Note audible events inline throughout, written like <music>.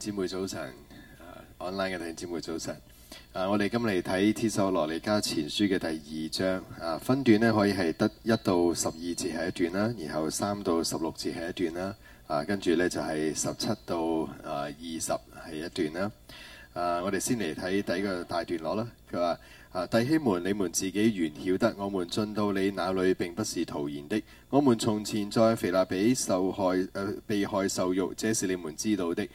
姊妹早晨，online 嘅弟兄姊妹早晨。啊、uh,，uh, 我哋今嚟睇《帖撒羅尼迦前書》嘅第二章啊，uh, 分段呢可以係得一到十二節係一段啦，然後三到十六節係一段啦，啊、uh,，跟住呢就係十七到二十係一段啦。啊、uh,，我哋先嚟睇第一個大段落啦。佢話啊，uh, 弟兄們，你們自己原曉得，我們進到你那裏並不是徒然的。我們從前在腓立比受害、呃、被害受辱，這是你們知道的。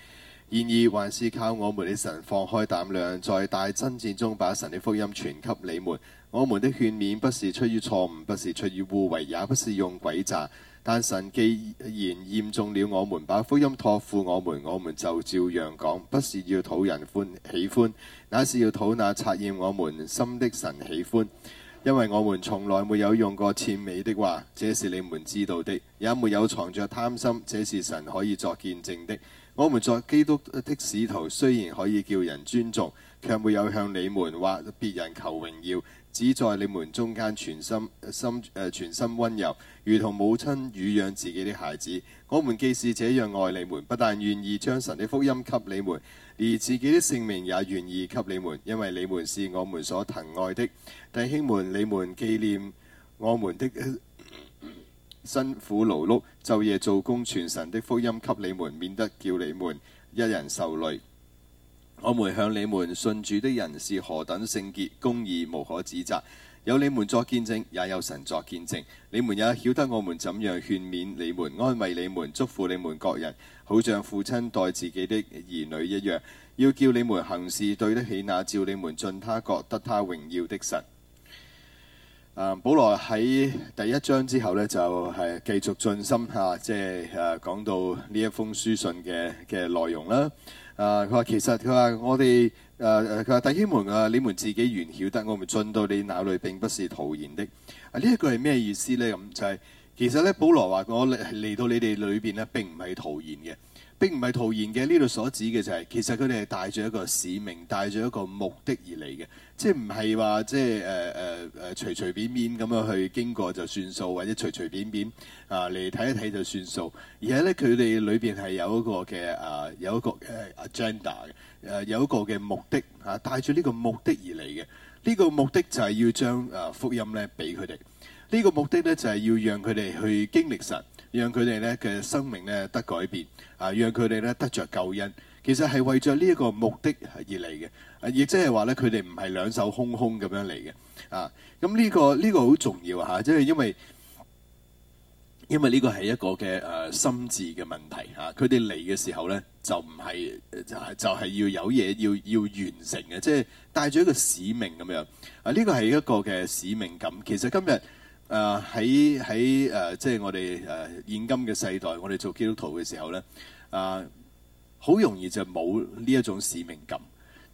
然而，還是靠我們的神放開膽量，在大爭戰中把神的福音傳給你們。我們的勸勉不是出於錯誤，不是出於污穢，也不是用詭詐。但神既然驗中了我們，把福音託付我們，我們就照樣講，不是要討人歡喜歡，那是要討那察驗我們心的神喜歡。因為我們從來沒有用過諂媚的話，這是你們知道的，也沒有藏著貪心，這是神可以作見證的。我們作基督的使徒，雖然可以叫人尊重，卻沒有向你們或別人求榮耀，只在你們中間全心、心、呃、全心溫柔，如同母親乳養自己的孩子。我們既是這樣愛你們，不但願意將神的福音給你們，而自己的性命也願意給你們，因為你們是我們所疼愛的。弟兄們，你們紀念我們的。 <laughs> 辛苦勞碌，晝夜做工，傳神的福音給你們，免得叫你們一人受累。我們向你們信主的人是何等聖潔、公義，無可指責。有你們作見證，也有神作見證。你們也曉得我們怎樣勸勉你們、安慰你們、祝福你們各人，好像父親待自己的兒女一樣。要叫你們行事對得起那召你們進他國得他榮耀的神。啊、保羅喺第一章之後呢，就係繼續進深嚇、啊，即係誒、啊、講到呢一封書信嘅嘅內容啦。啊，佢話其實佢話我哋誒佢話弟兄們啊，你們自己原曉得我們進到你那裡並不是徒然的。啊，呢一句係咩意思呢？咁、啊、就係、是、其實呢，保羅話我嚟到你哋裏邊呢，並唔係徒然嘅。並唔係徒然嘅，呢度所指嘅就係、是、其實佢哋係帶住一個使命、帶住一個目的而嚟嘅，即係唔係話即係誒誒誒隨隨便便咁樣去經過就算數或者隨隨便便啊嚟睇一睇就算數，而係咧佢哋裏邊係有一個嘅啊、呃、有一個誒 agenda 嘅，誒、呃、有一個嘅目的啊、呃、帶住呢個目的而嚟嘅，呢、呢個目的就係要將誒、呃、福音咧俾佢哋，呢、呢個目的咧就係、是、要讓佢哋去經歷神。讓佢哋咧嘅生命咧得改變，啊，讓佢哋咧得着救恩。其實係為咗呢一個目的而嚟嘅，亦即係話咧，佢哋唔係兩手空空咁樣嚟嘅。啊，咁呢個呢個好重要吓，即係因為因為呢個係一個嘅誒心智嘅問題吓。佢哋嚟嘅時候咧，就唔係就係就係要有嘢要要完成嘅，即係帶咗一個使命咁樣。啊，呢個係一個嘅使命感。其實今日。誒喺喺誒即係我哋誒、呃、現今嘅世代，我哋做基督徒嘅時候咧，啊、呃、好容易就冇呢一種使命感。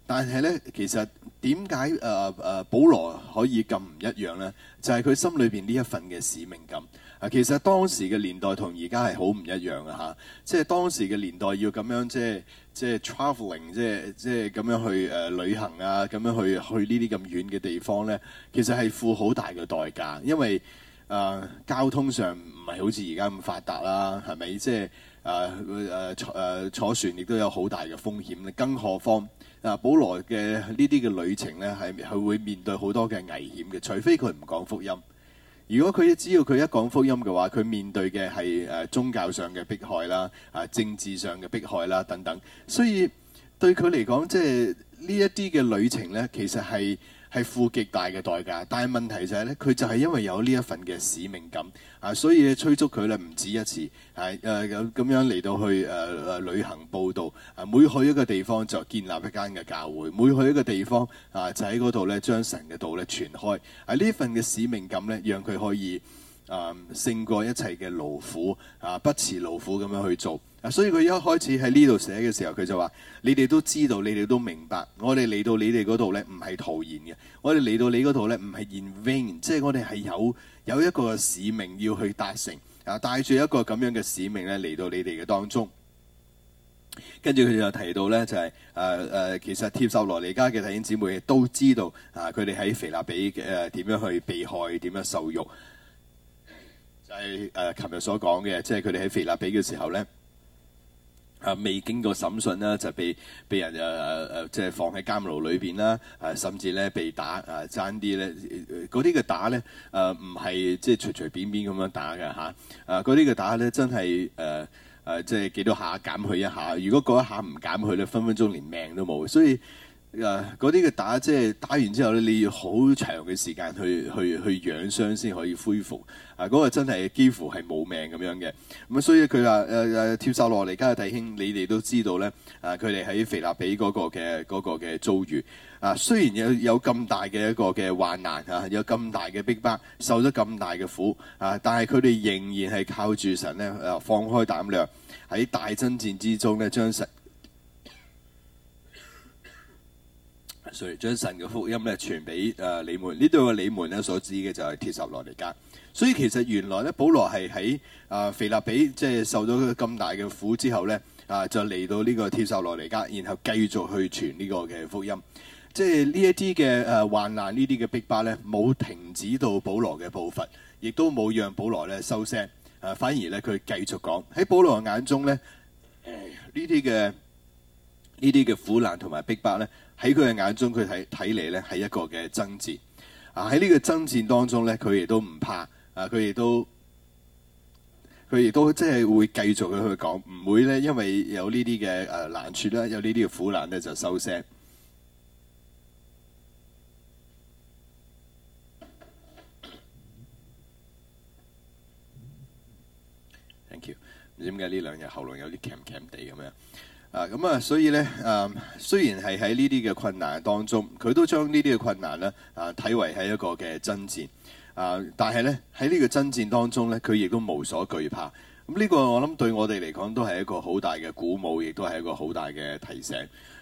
但係咧，其實點解誒誒保羅可以咁唔一樣咧？就係、是、佢心裏邊呢一份嘅使命感。啊、呃，其實當時嘅年代同而家係好唔一樣嘅嚇、啊，即係當時嘅年代要咁樣即係。即係 travelling，即係即係咁樣去誒旅行啊，咁樣去去呢啲咁遠嘅地方咧，其實係付好大嘅代價，因為誒、呃、交通上唔係好似而家咁發達啦，係咪？即係誒誒誒坐船亦都有好大嘅風險咧，更何況啊保羅嘅呢啲嘅旅程咧，係係會面對好多嘅危險嘅，除非佢唔講福音。如果佢只要佢一講福音嘅話，佢面對嘅係誒宗教上嘅迫害啦，啊政治上嘅迫害啦等等，所以對佢嚟講，即係呢一啲嘅旅程咧，其實係。係付極大嘅代價，但係問題就係咧，佢就係因為有呢一份嘅使命感啊，所以催促佢咧唔止一次，係誒咁樣嚟到去誒、啊、旅行佈道。啊、每去一個地方就建立一間嘅教會，每去一個地方啊就喺嗰度咧將神嘅道咧傳開。係、啊、呢一份嘅使命感咧，讓佢可以。啊，勝過一切嘅勞苦，啊，不辭勞苦咁樣去做。啊，所以佢一開始喺呢度寫嘅時候，佢就話：你哋都知道，你哋都明白，我哋嚟到你哋嗰度呢唔係徒然嘅。我哋嚟到你嗰度呢唔係 in vain，即係我哋係有有一個使命要去達成。啊，帶住一個咁樣嘅使命咧，嚟到你哋嘅當中。跟住佢就提到呢，就係誒誒，其實帖撒羅尼迦嘅弟兄姊妹都知道，啊，佢哋喺腓立比嘅點、啊、樣去被害，點樣受辱。就係誒，琴日、啊、所講嘅，即係佢哋喺腓立比嘅時候咧，啊未經過審訊啦，就被被人誒誒、啊啊，即係放喺監牢裏邊啦，誒、啊、甚至咧被打啊，爭啲咧，嗰啲嘅打咧，誒唔係即係隨隨便便咁樣打嘅嚇，誒嗰啲嘅打咧真係誒誒，即係幾多下減去一下，如果嗰一下唔減去咧，分分鐘連命都冇，所以。誒嗰啲嘅打即係打完之後咧，你要好長嘅時間去去去養傷先可以恢復。啊，嗰、那個真係幾乎係冇命咁樣嘅。咁、啊、所以佢話誒誒跳秀落嚟，家嘅弟兄你哋都知道咧。啊，佢哋喺腓立比嗰個嘅嗰嘅遭遇。啊，雖然有有咁大嘅一個嘅患難嚇、啊，有咁大嘅逼迫，受咗咁大嘅苦嚇、啊，但係佢哋仍然係靠住神呢，啊，放開膽量喺大爭戰之中呢。將神。所以將神嘅福音咧傳俾誒你們，呢度嘅你們咧所指嘅就係帖撒羅尼迦。所以其實原來呢，保羅係喺誒腓立比，即係受咗咁大嘅苦之後呢，啊、呃、就嚟到呢個帖撒羅尼迦，然後繼續去傳呢個嘅福音。即係呢一啲嘅誒患難，呢啲嘅逼迫呢，冇停止到保羅嘅步伐，亦都冇讓保羅咧收聲。啊、呃，反而呢，佢繼續講，喺保羅眼中咧，誒呢啲嘅呢啲嘅苦難同埋逼迫呢。」喺佢嘅眼中，佢睇睇嚟咧係一個嘅爭戰。啊！喺呢個爭戰當中咧，佢亦都唔怕。啊！佢亦都佢亦都即係會繼續去去講，唔會咧因為有呢啲嘅誒難處啦，有呢啲嘅苦難咧就收聲。Thank you 夸夸。唔知點解呢兩日喉嚨有啲 cam cam 地咁樣。啊，咁啊，所以咧，啊、嗯，雖然係喺呢啲嘅困難當中，佢都將呢啲嘅困難咧，啊，睇為係一個嘅爭戰，啊，但係咧喺呢個爭戰當中咧，佢亦都無所懼怕。咁、嗯、呢、呢個我諗對我哋嚟講都係一個好大嘅鼓舞，亦都係一個好大嘅提醒。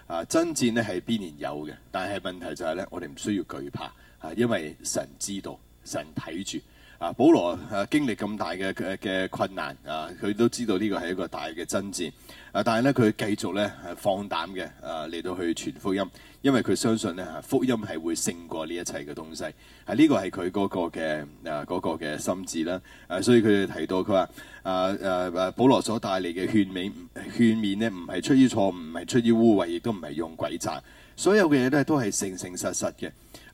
啊，爭戰咧係必然有嘅，但係問題就係咧，我哋唔需要懼怕，啊，因為神知道，神睇住。啊，保羅誒、啊、經歷咁大嘅嘅、啊、困難啊，佢都知道呢個係一個大嘅爭戰啊，但係咧佢繼續咧、啊、放膽嘅啊嚟到去傳福音，因為佢相信咧、啊、福音係會勝過呢一切嘅東西，係呢個係佢嗰個嘅啊嗰嘅心志啦啊，所以佢哋提到佢話啊誒誒、啊啊啊、保羅所帶嚟嘅勸勉勸勉咧唔係出於錯誤，唔係出於污穢，亦都唔係用詭詐，所有嘅嘢咧都係誠誠實實嘅。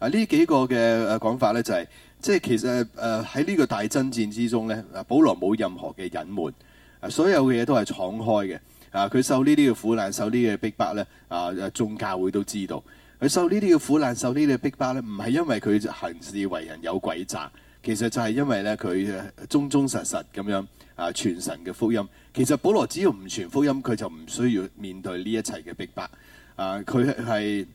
呢幾個嘅講法呢、就是，就係即係其實誒喺呢個大爭戰之中呢，保羅冇任何嘅隱瞞，所有嘅嘢都係敞開嘅。啊，佢受呢啲嘅苦難，受呢嘅逼迫呢，啊，眾教會都知道佢受呢啲嘅苦難，受呢啲嘅逼迫呢，唔係因為佢行事為人有詭詐，其實就係因為呢，佢忠忠實實咁樣啊傳神嘅福音。其實保羅只要唔傳福音，佢就唔需要面對呢一切嘅逼迫。啊，佢係。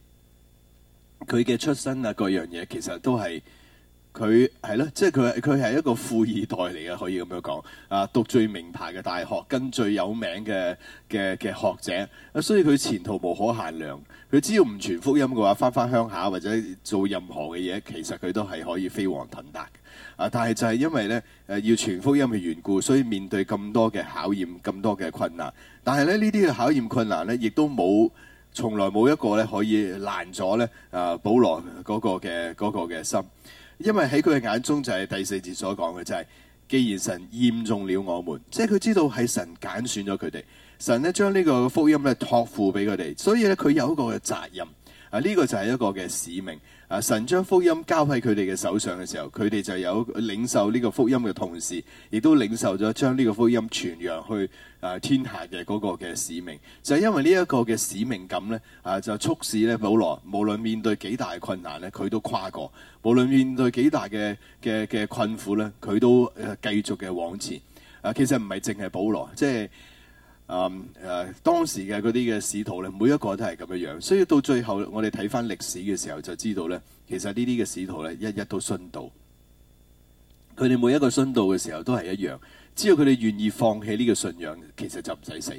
佢嘅出身啊，各樣嘢其實都係佢係咯，即係佢佢係一個富二代嚟嘅，可以咁樣講啊，讀最名牌嘅大學，跟最有名嘅嘅嘅學者，所以佢前途無可限量。佢只要唔傳福音嘅話，返返鄉下或者做任何嘅嘢，其實佢都係可以飛黃騰達嘅。啊，但係就係因為呢，誒要傳福音嘅緣故，所以面對咁多嘅考驗、咁多嘅困難。但係咧呢啲嘅考驗困難呢，亦都冇。從來冇一個咧可以爛咗咧啊！保羅嗰個嘅嗰個嘅心，因為喺佢嘅眼中就係第四節所講嘅，就係、是、既然神驗中了我們，即係佢知道係神揀選咗佢哋，神咧將呢個福音咧託付俾佢哋，所以咧佢有一個責任啊！呢、這個就係一個嘅使命。啊！神將福音交喺佢哋嘅手上嘅時候，佢哋就有領受呢個福音嘅同時，亦都領受咗將呢個福音傳揚去啊天下嘅嗰個嘅使命。就係因為呢一個嘅使命感呢，啊就促使咧保羅無論面對幾大困難呢，佢都跨過；無論面對幾大嘅嘅嘅困苦呢，佢都繼續嘅往前。啊，其實唔係淨係保羅，即係。嗯，誒、啊、當時嘅嗰啲嘅使徒咧，每一個都係咁樣樣，所以到最後我哋睇返歷史嘅時候，就知道咧，其實呢啲嘅使徒咧，一一都殉道，佢哋每一個殉道嘅時候都係一樣，只要佢哋願意放棄呢個信仰，其實就唔使死。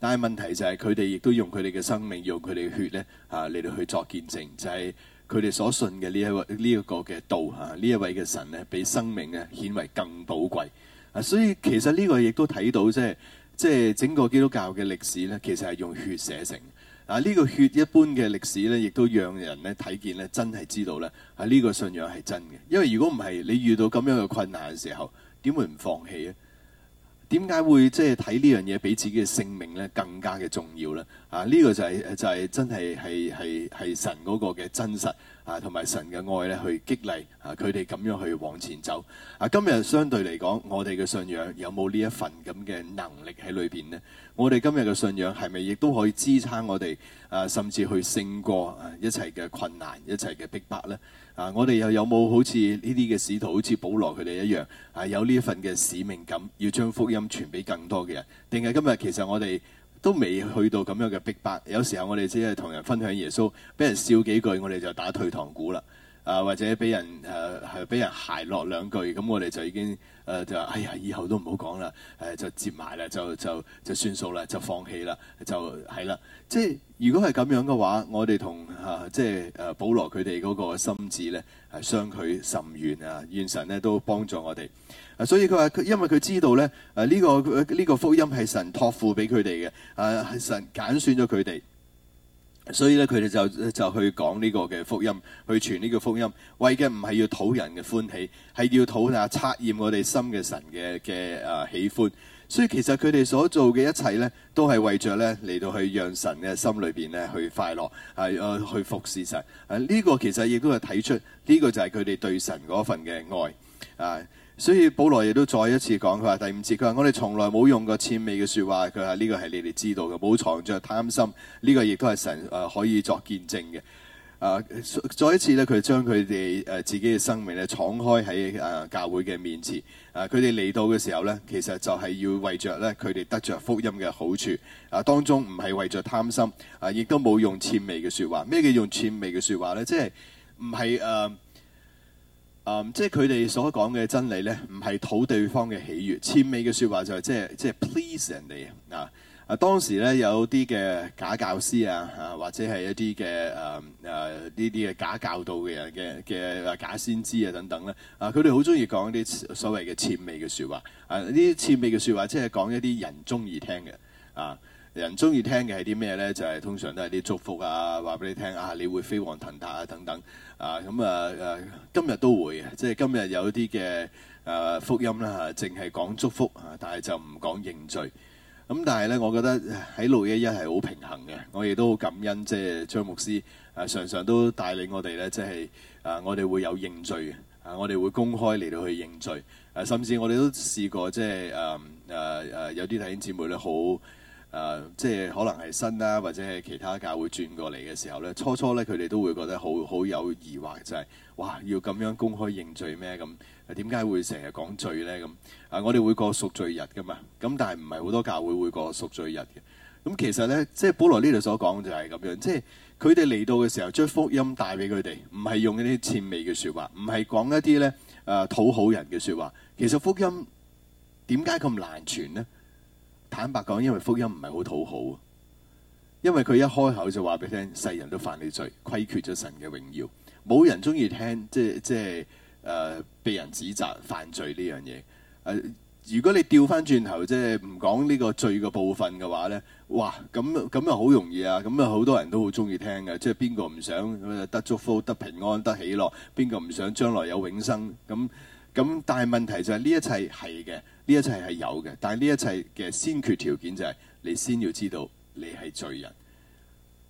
但係問題就係佢哋亦都用佢哋嘅生命，用佢哋嘅血咧，啊嚟到去作見證，就係佢哋所信嘅呢一，這個啊、一位呢一個嘅道啊，呢一位嘅神呢，比生命呢顯為更寶貴。啊，所以其實呢個亦都睇到即、就、係、是。即係整個基督教嘅歷史咧，其實係用血寫成。嗱，呢個血一般嘅歷史咧，亦都讓人咧睇見咧，真係知道咧，喺呢個信仰係真嘅。因為如果唔係，你遇到咁樣嘅困難嘅時候，點會唔放棄咧？點解會即係睇呢樣嘢比自己嘅性命咧更加嘅重要咧？啊，呢個就係就係真係係係係神嗰個嘅真實啊，同埋神嘅愛咧，去激勵啊佢哋咁樣去往前走。啊，今日相對嚟講，我哋嘅信仰有冇呢一份咁嘅能力喺裏邊呢？我哋今日嘅信仰係咪亦都可以支撐我哋啊？甚至去勝過、啊、一切嘅困難、一切嘅逼迫呢？啊，我哋又有冇好似呢啲嘅使徒，好似保羅佢哋一樣，係、啊、有呢一份嘅使命感，要將福音傳俾更多嘅人？定係今日其實我哋都未去到咁樣嘅逼迫。有時候我哋只係同人分享耶穌，俾人笑幾句，我哋就打退堂鼓啦。啊，或者俾人係係俾人鞋落兩句，咁我哋就已經。誒、啊、就係、哎、呀，以後都唔好講啦，誒、啊、就接埋啦，就就就算數啦，就放棄啦，就係啦。即係如果係咁樣嘅話，我哋同嚇即係誒、啊、保羅佢哋嗰個心智咧係相距甚遠啊！願、啊、神咧都幫助我哋、啊。所以佢話因為佢知道咧，誒、啊、呢、這個呢、這個福音係神託付俾佢哋嘅，誒、啊、係神揀選咗佢哋。所以咧，佢哋就就去講呢個嘅福音，去傳呢個福音，為嘅唔係要討人嘅歡喜，係要討下察驗我哋心嘅神嘅嘅啊喜歡。所以其實佢哋所做嘅一切咧，都係為著咧嚟到去讓神嘅心裏邊咧去快樂，係誒去服侍神。誒呢個其實亦都係睇出呢個就係佢哋對神嗰份嘅愛啊。所以保羅亦都再一次講，佢話第五節，佢話我哋從來冇用過諂媚嘅説話，佢話呢個係你哋知道嘅，冇藏著貪心，呢、這個亦都係神誒、呃、可以作見證嘅。誒、呃，再一次呢，佢將佢哋誒自己嘅生命咧敞開喺誒、呃、教會嘅面前。誒、呃，佢哋嚟到嘅時候呢，其實就係要為着呢，佢哋得着福音嘅好處。啊、呃，當中唔係為着貪心，啊、呃，亦都冇用諂媚嘅説話。咩叫用諂媚嘅説話呢？即係唔係誒？呃嗯，即係佢哋所講嘅真理咧，唔係討對方嘅喜悅，諂媚嘅説話就係即係即係 please 人哋啊！啊當時咧有啲嘅假教師啊，啊或者係一啲嘅誒誒呢啲嘅假教導嘅人嘅嘅假先知啊等等咧啊，佢哋好中意講啲所謂嘅諂媚嘅説話啊，呢啲諂媚嘅説話即係講一啲人中意聽嘅啊。人中意聽嘅係啲咩咧？就係通常都係啲祝福啊，話俾你聽啊，你會飛黃騰達啊等等啊。咁啊誒，今日都會嘅，即係今日有啲嘅誒福音啦嚇，淨係講祝福嚇，但係就唔講認罪。咁但係咧，我覺得喺611係好平衡嘅。我亦都好感恩，即係張牧師啊，常常都帶領我哋咧，即係啊，我哋會有認罪嘅啊，我哋會公開嚟到去認罪啊，甚至我哋都試過即係誒誒誒，有啲弟兄姊妹咧好。誒、啊，即係可能係新啦、啊，或者係其他教會轉過嚟嘅時候咧，初初咧佢哋都會覺得好好有疑惑，就係、是、哇，要咁樣公開認罪咩咁？點、嗯、解會成日講罪呢？咁、嗯？啊，我哋會過贖罪日噶嘛？咁但係唔係好多教會會過贖罪日嘅。咁、嗯、其實呢，即係保羅呢度所講就係咁樣，即係佢哋嚟到嘅時候將福音帶俾佢哋，唔係用一啲諂媚嘅說話，唔係講一啲呢誒討好人嘅說話。其實福音點解咁難傳呢？坦白講，因為福音唔係好討好，因為佢一開口就話俾你聽，世人都犯你罪，虧缺咗神嘅榮耀，冇人中意聽，即係即係誒、呃、被人指責犯罪呢樣嘢。誒、呃，如果你調翻轉頭，即係唔講呢個罪嘅部分嘅話呢，哇，咁咁又好容易啊，咁啊好多人都好中意聽嘅，即係邊個唔想得祝福、得平安、得喜樂，邊個唔想將來有永生咁？咁但係問題就係、是、呢一切係嘅，呢一切係有嘅，但係呢一切嘅先決條件就係、是、你先要知道你係罪人。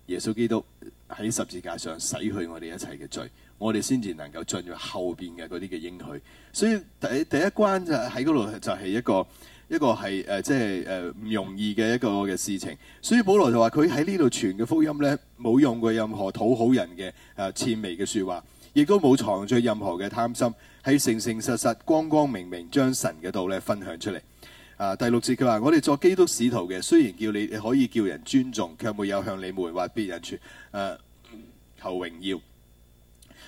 耶穌基督喺十字架上洗去我哋一切嘅罪，我哋先至能夠進入後邊嘅嗰啲嘅應許。所以第第一關就喺嗰度，就係一個一個係誒即係誒唔容易嘅一個嘅事情。所以保羅就話佢喺呢度傳嘅福音呢，冇用過任何討好人嘅誒諂媚嘅説話，亦都冇藏著任何嘅貪心。係誠誠實實、光光明明將神嘅道咧分享出嚟。啊，第六節佢話：我哋做基督使徒嘅，雖然叫你你可以叫人尊重，卻沒有向你們或別人處誒求榮耀。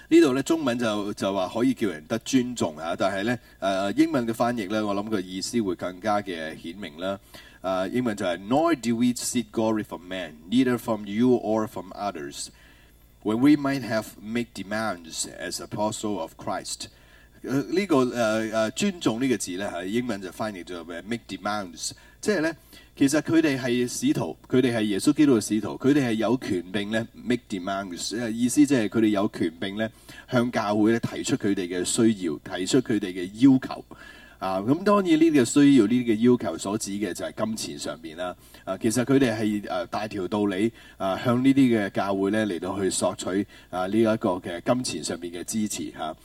呢度咧中文就就話可以叫人得尊重嚇，但係咧誒英文嘅翻譯咧，我諗個意思會更加嘅顯明啦。啊，英文就係：Nor do we seek glory from men, neither from you or from others, when we might have made demands as apostles of Christ. 呢、這個誒誒、呃、尊重呢個字咧嚇，英文就翻譯做 make demands，即係咧其實佢哋係使徒，佢哋係耶穌基督嘅使徒，佢哋係有權柄咧 make demands，意思即係佢哋有權柄咧向教會咧提出佢哋嘅需要，提出佢哋嘅要求啊。咁當然呢啲嘅需要、呢啲嘅要求所指嘅就係金錢上邊啦、啊。啊，其實佢哋係誒大條道理啊，向呢啲嘅教會咧嚟到去索取啊呢、這個、一個嘅金錢上面嘅支持嚇。啊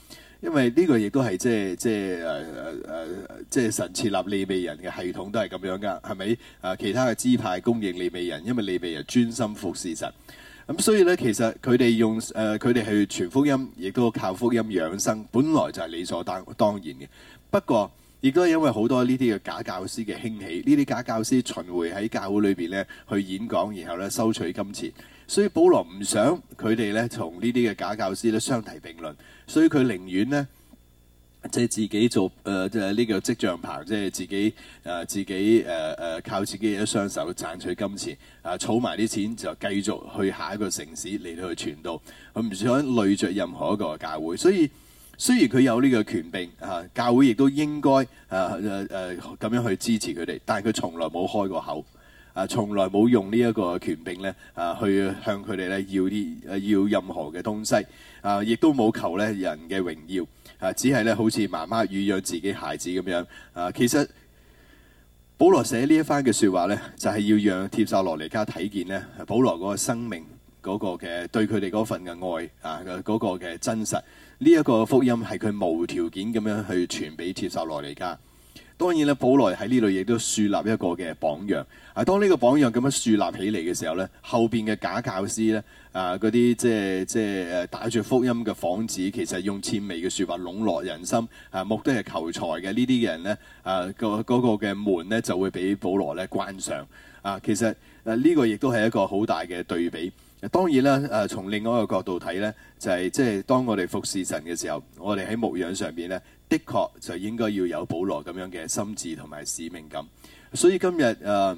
因為呢個亦都係即係即係誒誒誒，即係、呃、神設立利未人嘅系統都係咁樣㗎，係咪？誒、呃、其他嘅支派供應利未人，因為利未人專心服侍神。咁、嗯、所以呢，其實佢哋用誒佢哋去傳福音，亦都靠福音養生，本來就係理所當當然嘅。不過，亦都係因為好多呢啲嘅假教師嘅興起，呢啲假教師巡迴喺教會裏邊呢去演講，然後呢收取金錢。所以保羅唔想佢哋咧同呢啲嘅假教師咧相提並論，所以佢寧願呢，即係自己做誒即係呢個織帳棚，即係自己誒、呃、自己誒誒、呃、靠自己一雙手賺取金錢，啊儲埋啲錢就繼續去下一個城市嚟到去傳道，佢唔想累着任何一個教會。所以雖然佢有呢個權柄，嚇、啊、教會亦都應該誒誒誒咁樣去支持佢哋，但係佢從來冇開過口。啊，從來冇用呢一個權柄咧，啊，去向佢哋咧要啲，要任何嘅東西，啊，亦都冇求咧人嘅榮耀，啊，只係咧好似媽媽撫養自己孩子咁樣，啊，其實保羅寫一番呢一番嘅説話咧，就係、是、要讓帖撒羅尼迦睇見咧，保羅嗰個生命嗰嘅、那個、對佢哋嗰份嘅愛啊，嗰、那個嘅真實，呢、這、一個福音係佢無條件咁樣去傳俾帖撒羅尼迦。當然咧，保羅喺呢度亦都樹立一個嘅榜樣。啊，當呢個榜樣咁樣樹立起嚟嘅時候咧，後邊嘅假教師咧，啊嗰啲即係即係帶住福音嘅幌子，其實用諂媚嘅説法籠絡人心，啊目的係求財嘅呢啲嘅人咧，啊、嗰個嗰、嗰個嘅門咧就會俾保羅咧關上。啊，其實啊呢個亦都係一個好大嘅對比。當然啦，誒、啊、從另外一個角度睇呢，就係即係當我哋服侍神嘅時候，我哋喺牧養上邊呢，的確就應該要有保羅咁樣嘅心智同埋使命感。所以今日誒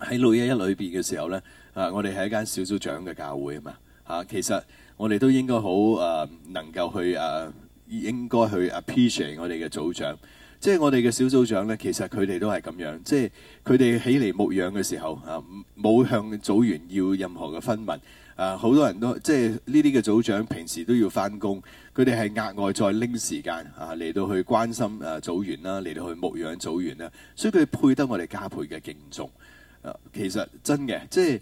喺六一一裏邊嘅時候呢，啊，我哋係一間小小長嘅教會啊嘛，嚇，其實我哋都應該好誒、啊，能夠去誒、啊，應該去 appreciate 我哋嘅組長。即係我哋嘅小組長呢，其實佢哋都係咁樣。即係佢哋起嚟牧養嘅時候啊，冇向組員要任何嘅分文。啊，好多人都即係呢啲嘅組長，平時都要翻工，佢哋係額外再拎時間啊嚟到去關心啊組員啦，嚟到去牧養組員啦啊。所以佢配得我哋加倍嘅敬重啊。其實真嘅，即係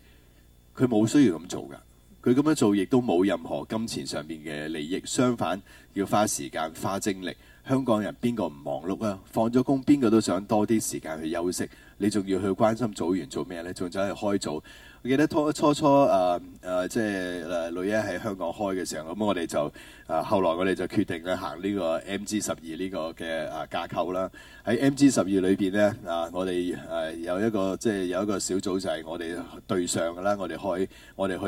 佢冇需要咁做噶，佢咁樣做亦都冇任何金錢上面嘅利益，相反要花時間花精力。香港人邊個唔忙碌啊？放咗工邊個都想多啲時間去休息，你仲要去關心組員做咩咧？仲走去開組？我記得初初啊啊，即係、呃、女一喺香港開嘅時候，咁我哋就啊後來我哋就決定去行呢個 MG 個、啊啊、M G 十二呢個嘅啊架構啦。喺 M G 十二裏邊呢，啊，我哋誒、啊、有一個即係有一個小組就係我哋對上噶啦，我哋開我哋去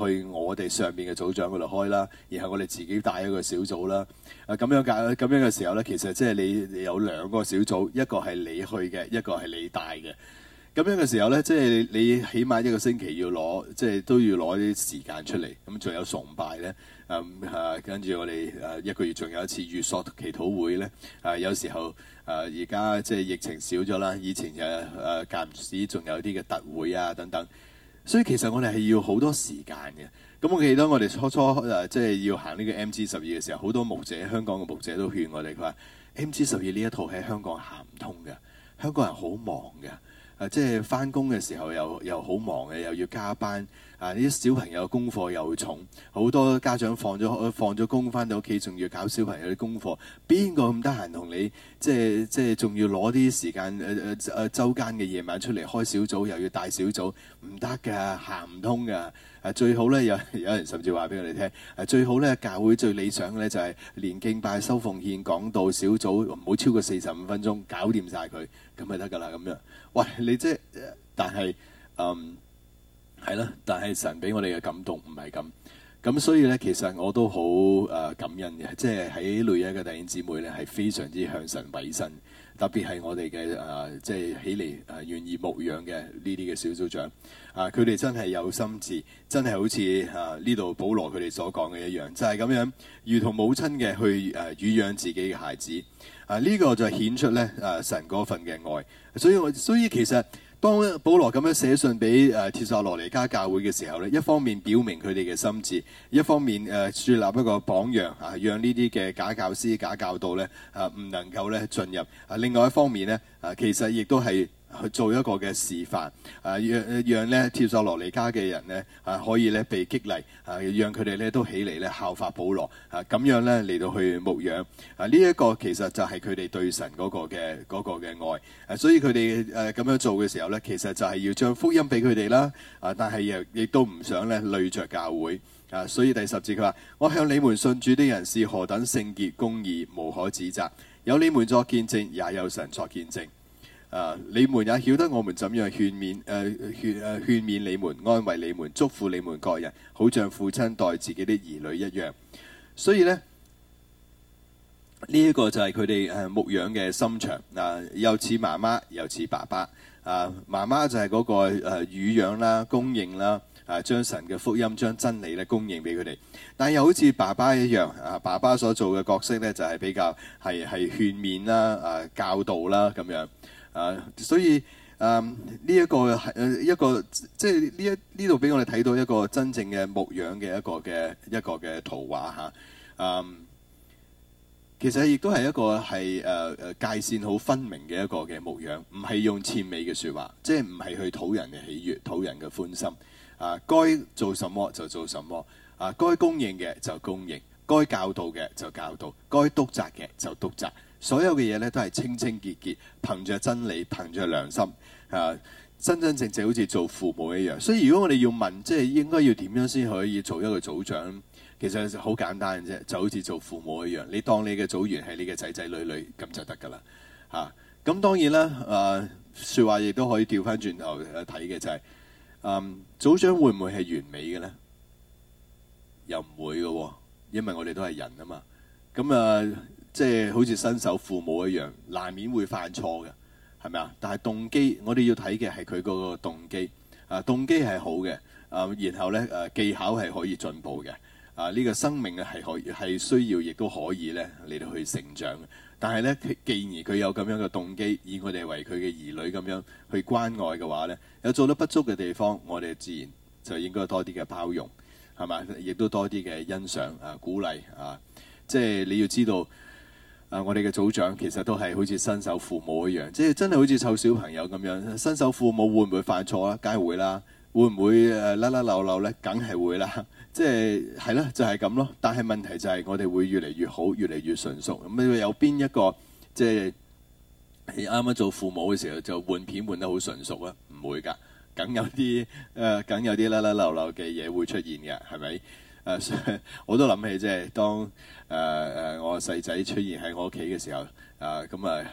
我去，去我哋上邊嘅組長嗰度開啦，然後我哋自己帶一個小組啦。咁、啊、樣架咁樣嘅時候呢，其實即係你有兩個小組，一個係你去嘅，一個係你帶嘅。咁樣嘅時候呢，即係你起碼一個星期要攞，即係都要攞啲時間出嚟。咁、嗯、仲有崇拜呢，跟、嗯、住、啊、我哋一個月仲有一次預索祈禱會呢、啊。有時候而家、啊、即係疫情少咗啦，以前嘅啊間唔時仲有啲嘅特會啊等等。所以其實我哋係要好多時間嘅。咁、嗯、我記得我哋初初、啊、即係要行呢個 M G 十二嘅時候，好多牧者香港嘅牧者都勸我哋，佢話 M G 十二呢一套喺香港行唔通嘅，香港人好忙嘅。啊、即係翻工嘅時候又又好忙嘅、啊，又要加班。啊！啲小朋友功課又重，好多家長放咗放咗工翻到屋企，仲要搞小朋友啲功課。邊個咁得閒同你？即係即係仲要攞啲時間誒誒誒週間嘅夜晚出嚟開小組，又要帶小組，唔得㗎，行唔通㗎。啊、最好呢，有有人甚至話俾我哋聽、啊，最好呢，教會最理想嘅呢，就係連敬拜、收奉獻、講道小組，唔好超過四十五分鐘，搞掂晒佢，咁咪得㗎啦，咁樣。喂，你即係，但係，嗯，係咯，但係神俾我哋嘅感動唔係咁。咁所以呢，其實我都好誒感恩嘅，即係喺女一嘅弟兄姊妹呢，係非常之向神委身。特別係我哋嘅誒，即係起嚟誒，願意牧養嘅呢啲嘅小組長，啊，佢哋真係有心志，真係好似啊呢度保羅佢哋所講嘅一樣，就係、是、咁樣，如同母親嘅去誒餵、啊、養自己嘅孩子，啊，呢、這個就顯出咧誒、啊、神嗰份嘅愛，所以我所以其實。當保羅咁樣寫信畀誒帖撒羅尼迦教會嘅時候咧，一方面表明佢哋嘅心智，一方面誒樹、呃、立一個榜樣啊，讓呢啲嘅假教師、假教導咧啊唔能夠咧進入啊。另外一方面咧啊，其實亦都係。去做一個嘅示範，啊，讓讓咧跳咗落尼家嘅人咧，啊，可以咧被激勵，啊，讓佢哋咧都起嚟咧效法保羅，啊，咁樣咧嚟到去牧養，啊，呢、這、一個其實就係佢哋對神嗰個嘅嗰嘅愛，啊，所以佢哋誒咁樣做嘅時候咧，其實就係要將福音俾佢哋啦，啊，但係亦亦都唔想咧累着教會，啊，所以第十節佢話：我向你們信主的人是何等聖潔公義，無可指責，有你們作見證，也有神作見證。啊！你們也曉得我們怎樣勸勉誒勸誒勸勉你們，安慰你們，祝福你們各人，好像父親待自己的兒女一樣。所以呢，呢一個就係佢哋誒牧養嘅心腸啊，又似媽媽，又似爸爸啊。媽媽就係嗰個誒乳養啦，供應啦，啊將神嘅福音、將真理咧供應俾佢哋。但又好似爸爸一樣啊，爸爸所做嘅角色呢，就係比較係係勸勉啦、啊教導啦咁樣。啊，uh, 所以，嗯、um, 這個，呢一個係誒一個，即係呢一呢度俾我哋睇到一個真正嘅牧養嘅一個嘅一個嘅圖畫嚇，嗯、啊，其實亦都係一個係誒誒界線好分明嘅一個嘅牧養，唔係用諂媚嘅説話，即係唔係去討人嘅喜悅、討人嘅歡心，啊，該做什麼就做什麼，啊，該供應嘅就供應，該教導嘅就教導，該督責嘅就督責。所有嘅嘢咧都係清清潔潔，憑着真理，憑着良心，啊，真真正正好似做父母一樣。所以如果我哋要問，即係應該要點樣先可以做一個組長，其實好簡單嘅啫，就好似做父母一樣。你當你嘅組員係你嘅仔仔女女咁就得㗎啦，嚇、啊。咁當然啦，誒、啊、説話亦都可以調翻轉頭誒睇嘅就係，嗯、啊，組長會唔會係完美嘅呢？又唔會嘅喎，因為我哋都係人啊嘛，咁誒。啊。即係好似新手父母一樣，難免會犯錯嘅，係咪啊？但係動機，我哋要睇嘅係佢嗰個動機。啊，動機係好嘅，啊，然後呢誒技巧係可以進步嘅。啊，呢個生命嘅係可係需要，亦都可以呢嚟到去成長。但係呢，既然佢有咁樣嘅動機，以佢哋為佢嘅兒女咁樣去關愛嘅話呢，有做得不足嘅地方，我哋自然就應該多啲嘅包容，係咪？亦都多啲嘅欣賞啊、鼓勵啊。即係你要知道。啊！我哋嘅組長其實都係好似新手父母一樣，即係真係好似湊小朋友咁樣。新手父母會唔會犯錯啊？梗係會啦。會唔會誒甩甩漏漏咧？梗係會啦。即係係啦，就係咁咯。但係問題就係我哋會越嚟越好，越嚟越純熟。咁有邊一個即係你啱啱做父母嘅時候就換片換得好純熟啊？唔會㗎，梗有啲誒，梗有啲甩甩漏漏嘅嘢會出現嘅，係咪？誒，我都諗起即係當。誒誒、呃，我細仔出現喺我屋企嘅時候，啊咁啊，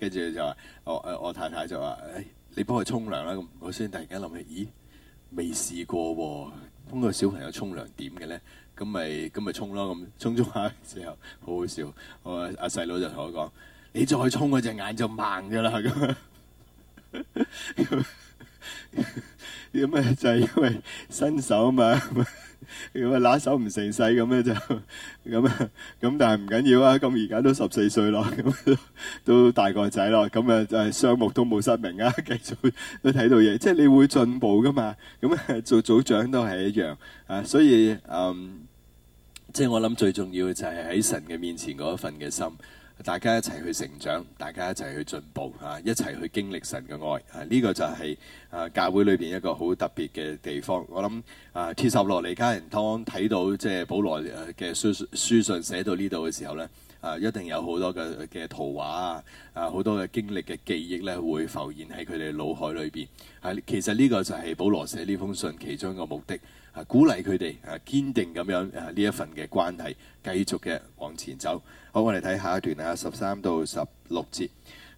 跟、嗯、住、嗯、就話，我、哦、誒我太太就話、哎，你幫佢沖涼啦。咁我先突然間諗起，咦，未試過喎、哦，幫個小朋友沖涼點嘅咧？咁咪咁咪沖咯。咁沖沖下嘅時候，好好笑。嗯啊、弟弟我阿細佬就同我講，你再沖嗰隻眼就盲㗎喇。咁咁誒就係因為新手啊嘛。咁啊、嗯，拿手唔成世咁樣，就咁啊，咁但係唔緊要啊，咁而家都十四歲咯，咁都大個仔咯，咁啊就係雙目都冇失明啊，繼續都睇到嘢，即係你會進步噶嘛，咁啊做組長都係一樣啊，所以嗯，即係我諗最重要嘅就係喺神嘅面前嗰一份嘅心。大家一齊去成長，大家一齊去進步，啊，一齊去經歷神嘅愛，啊，呢、這個就係、是、啊教會裏邊一個好特別嘅地方。我諗啊，帖撒羅尼迦人當睇到即係、啊啊、保羅嘅書書信寫到呢度嘅時候呢，啊，一定有好多嘅嘅圖畫啊，啊，好多嘅經歷嘅記憶咧，會浮現喺佢哋腦海裏邊。係、啊，其實呢個就係保羅寫呢封信其中一個目的。啊、鼓勵佢哋啊，堅定咁樣啊呢一份嘅關係，繼續嘅往前走。好，我哋睇下一段啊，十三到十六節。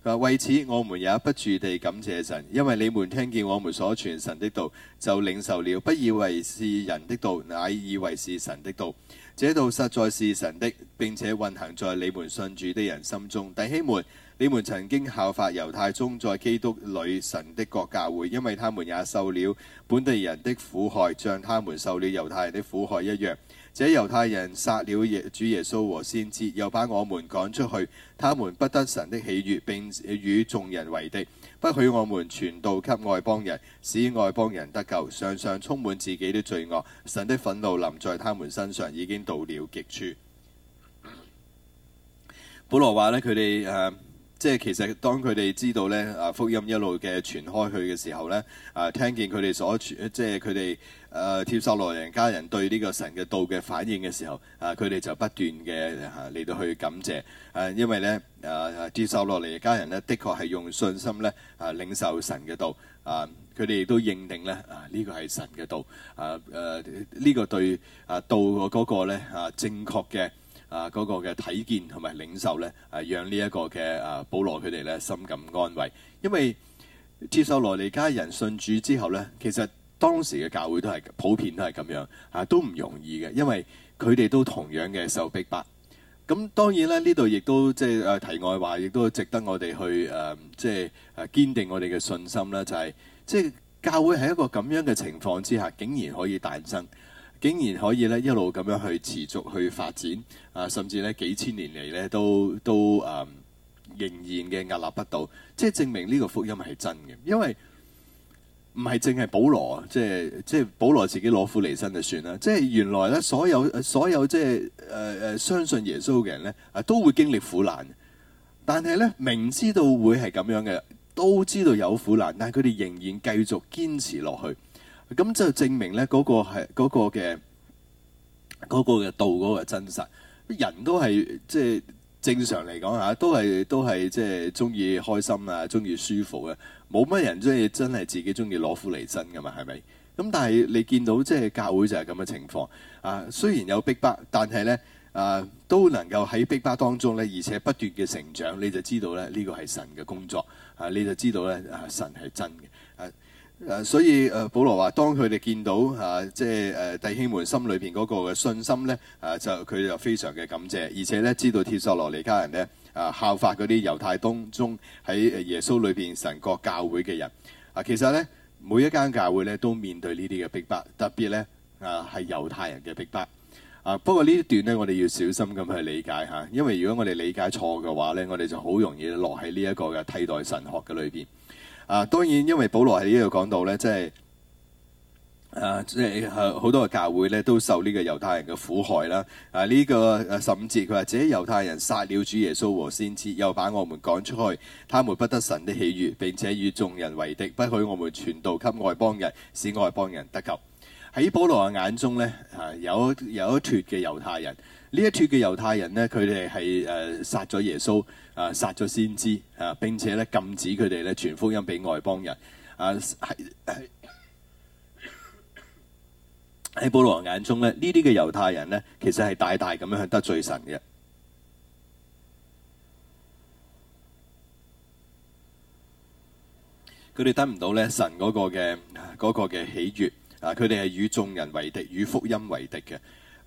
佢話：為此，我們也不住地感謝神，因為你們聽見我們所傳神的道，就領受了，不以為是人的道，乃以為是神的道。這道實在是神的，並且運行在你們信主的人心中。弟兄們。你們曾經效法猶太宗在基督裡神的國教會，因為他們也受了本地人的苦害，像他們受了猶太人的苦害一樣。這猶太人殺了耶主耶穌和先知，又把我們趕出去，他們不得神的喜悦，並與眾人為敵，不許我們傳道給外邦人，使外邦人得救。常常充滿自己的罪惡，神的憤怒臨在他們身上，已經到了極處。 <laughs> 保羅話呢，佢哋誒。啊即係其實當佢哋知道咧啊福音一路嘅傳開去嘅時候咧，啊聽見佢哋所傳，即係佢哋啊帖撒羅尼迦人對呢個神嘅道嘅反應嘅時候，啊佢哋就不斷嘅啊嚟到去感謝，啊因為咧啊帖撒羅尼迦人咧，的確係用信心咧啊領受神嘅道，啊佢哋亦都認定咧啊呢、這個係神嘅道，啊誒呢、啊這個對啊道個嗰個咧啊正確嘅。啊，嗰、那個嘅體見同埋領受呢，啊，讓呢一個嘅啊，保羅佢哋呢深感安慰，因為帖撒羅尼迦人信主之後呢，其實當時嘅教會都係普遍都係咁樣嚇、啊，都唔容易嘅，因為佢哋都同樣嘅受逼迫。咁、啊、當然啦，呢度亦都即係誒題外話，亦都值得我哋去誒、呃，即係誒堅定我哋嘅信心啦。就係、是、即係教會喺一個咁樣嘅情況之下，竟然可以誕生。竟然可以咧一路咁樣去持續去發展，啊，甚至咧幾千年嚟咧都都誒、嗯、仍然嘅屹立不倒，即係證明呢個福音係真嘅，因為唔係淨係保羅，即係即係保羅自己攞苦嚟辛就算啦，即係原來咧所有所有即係誒誒相信耶穌嘅人咧，啊都會經歷苦難，但係咧明知道會係咁樣嘅，都知道有苦難，但係佢哋仍然繼續堅持落去。咁就證明呢嗰個係嗰個嘅嗰個嘅道，嗰個真實。人都係即係正常嚟講嚇，都係都係即係中意開心啊，中意舒服嘅，冇乜人即係真係自己中意攞苦嚟辛㗎嘛？係咪？咁但係你見到即係教會就係咁嘅情況啊。雖然有逼迫，但係呢，啊，都能夠喺逼迫當中呢，而且不斷嘅成長，你就知道呢，呢個係神嘅工作啊，你就知道呢啊神係真嘅。誒、啊，所以誒、啊，保羅話：當佢哋見到啊，即係誒、啊、弟兄們心裏邊嗰個嘅信心呢，啊，就佢就非常嘅感謝，而且咧知道帖撒羅尼迦人呢，啊，效法嗰啲猶太當中喺耶穌裏邊神國教會嘅人。啊，其實呢，每一間教會呢都面對呢啲嘅逼迫，特別呢啊係猶太人嘅逼迫。啊，不過呢一段呢，我哋要小心咁去理解吓，因為如果我哋理解錯嘅話呢，我哋就好容易落喺呢一個嘅替代神學嘅裏邊。啊，當然，因為保羅喺呢度講到呢，即係即係好多個教會呢都受呢個猶太人嘅苦害啦。啊，呢、這個十五節佢話：這猶太人殺了主耶穌和先知，又把我們趕出去，他們不得神的喜悅，並且與眾人為敵，不許我們傳道給外邦人，使外邦人得救。喺保羅嘅眼中呢，啊、有有一撮嘅猶太人，呢一撮嘅猶太人呢，佢哋係誒殺咗耶穌。啊！殺咗先知啊！並且咧禁止佢哋咧傳福音俾外邦人啊！喺喺喺， <coughs> <coughs> 保羅眼中咧呢啲嘅猶太人咧，其實係大大咁樣去得罪神嘅。佢哋得唔到咧神嗰個嘅嗰個嘅喜悅啊！佢哋係與眾人為敵，與福音為敵嘅。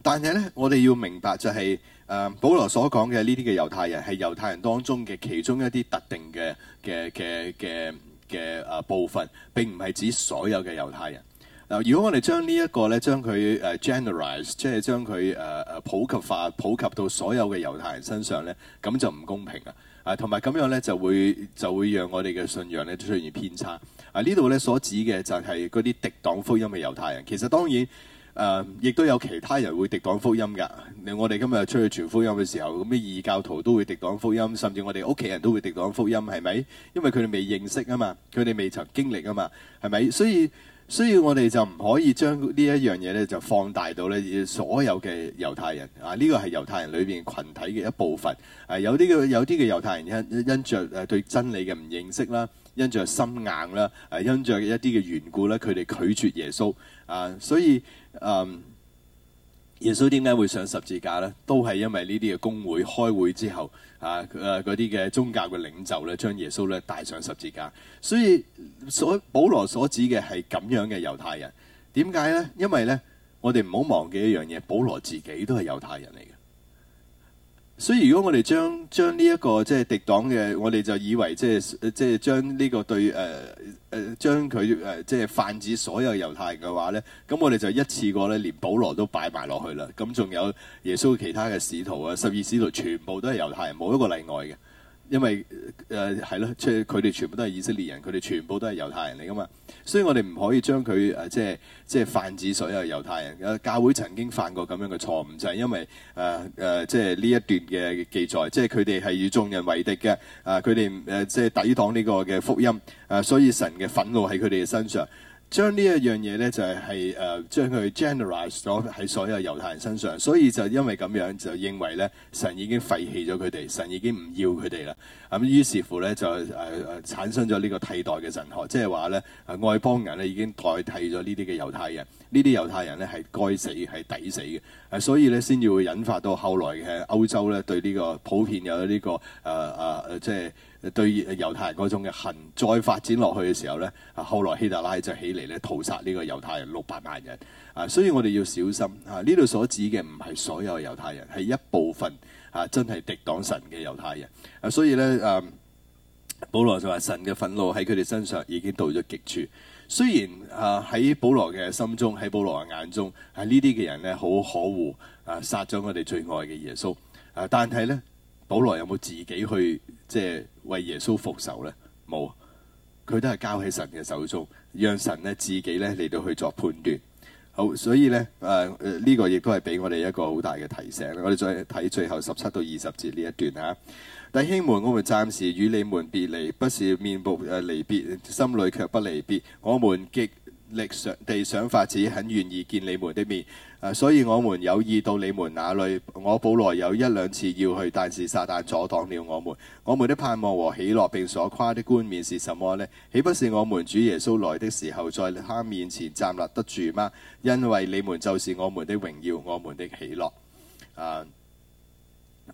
但係咧，我哋要明白就係、是、誒、呃，保羅所講嘅呢啲嘅猶太人係猶太人當中嘅其中一啲特定嘅嘅嘅嘅嘅誒部分，並唔係指所有嘅猶太人。嗱、呃，如果我哋將呢一個咧，將佢誒 generalise，即係將佢誒誒普及化、普及到所有嘅猶太人身上咧，咁就唔公平啦！啊、呃，同埋咁樣咧就會就會讓我哋嘅信仰咧出現偏差。啊、呃，呢度咧所指嘅就係嗰啲敵擋福音嘅猶太人。其實當然。誒，亦、嗯、都有其他人會敵擋福音㗎。我哋今日出去傳福音嘅時候，咁啲異教徒都會敵擋福音，甚至我哋屋企人都會敵擋福音，係咪？因為佢哋未認識啊嘛，佢哋未曾經歷啊嘛，係咪？所以，所以我哋就唔可以將呢一樣嘢呢就放大到呢所有嘅猶太人啊，呢個係猶太人裏邊群體嘅一部分。係、啊、有啲嘅有啲嘅猶太人因着著對真理嘅唔認識啦，因着心硬啦、啊，因着一啲嘅緣故呢，佢哋拒絕耶穌。啊，所以嗯，耶穌點解會上十字架咧？都係因為呢啲嘅工會開會之後，啊，誒嗰啲嘅宗教嘅領袖咧，將耶穌咧帶上十字架。所以所保羅所指嘅係咁樣嘅猶太人。點解咧？因為咧，我哋唔好忘記一樣嘢，保羅自己都係猶太人嚟嘅。所以如果我哋將將呢一個即係敵黨嘅，我哋就以為即係即係將呢個對誒誒將佢誒即係泛指所有猶太人嘅話咧，咁我哋就一次過咧連保羅都擺埋落去啦。咁仲有耶穌其他嘅使徒啊，十二使徒全部都係猶太人，冇一個例外嘅。因為誒係咯，即係佢哋全部都係以色列人，佢哋全部都係猶太人嚟㗎嘛，所以我哋唔可以將佢誒、呃呃、即係即係泛指所有猶太人。教會曾經犯過咁樣嘅錯誤，就係、是、因為誒誒、呃呃、即係呢一段嘅記載，即係佢哋係與眾人為敵嘅，啊佢哋誒即係抵擋呢個嘅福音，誒、呃、所以神嘅憤怒喺佢哋嘅身上。將呢一樣嘢呢，就係係誒將佢 generalise 咗喺所有猶太人身上，所以就因為咁樣就認為呢神已經廢棄咗佢哋，神已經唔要佢哋啦。咁、呃、於是乎呢，就誒、呃呃、產生咗呢個替代嘅神學，即係話呢外邦人呢已經代替咗呢啲嘅猶太人，呢啲猶太人呢係該死係抵死嘅、呃。所以呢，先至會引發到後來嘅歐洲呢，對呢個普遍有呢、這個誒誒、呃呃呃、即係。對猶太人嗰種嘅恨再發展落去嘅時候呢，後來希特拉就起嚟咧屠殺呢個猶太人六百萬人啊！所以我哋要小心啊！呢度所指嘅唔係所有猶太人，係一部分啊，真係敵擋神嘅猶太人啊！所以呢，誒、啊，保羅就話神嘅憤怒喺佢哋身上已經到咗極處。雖然啊，喺保羅嘅心中，喺保羅嘅眼中，啊，呢啲嘅人呢好可惡啊，殺咗我哋最愛嘅耶穌啊！但係呢。保羅有冇自己去即係為耶穌復仇咧？冇，啊，佢都係交喺神嘅手中，讓神咧自己咧嚟到去作判斷。好，所以咧誒，呢、呃呢個亦都係俾我哋一個好大嘅提醒。我哋再睇最後十七到二十節呢一段吓，弟、啊、兄們，我們暫時與你們別離，不是面目誒離別，心裏卻不離別。我們極力想地想法子，很願意見你們的面。啊、所以我們有意到你們那裏。我保羅有一兩次要去，但是撒旦阻擋了我們。我們的盼望和喜樂並所誇的冠冕是什麼呢？豈不是我們主耶穌來的時候，在他面前站立得住嗎？因為你們就是我們的榮耀，我們的喜樂、啊。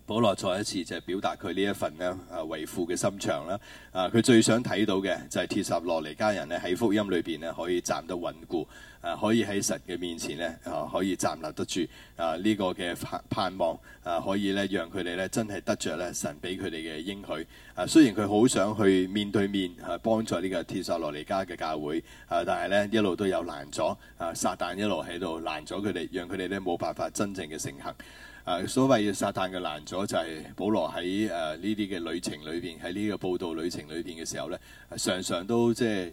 保羅再一次就係表達佢呢一份咧，啊，為父嘅心腸啦。啊，佢最想睇到嘅就係帖撒羅尼迦家人咧，喺福音裏邊咧可以站得穩固。誒、啊、可以喺神嘅面前呢，啊可以站立得住。啊呢、這個嘅盼盼望，啊可以呢，讓佢哋呢真係得着咧神俾佢哋嘅應許。啊雖然佢好想去面對面啊幫助呢個帖撒羅尼迦嘅教會，啊但係呢一路都有攔阻。啊撒旦一路喺度攔阻佢哋，讓佢哋呢冇辦法真正嘅成行。啊所謂嘅撒旦嘅攔阻、就是，就係保羅喺誒呢啲嘅旅程裏邊，喺呢個佈道旅程裏邊嘅時候呢，常常都即係誒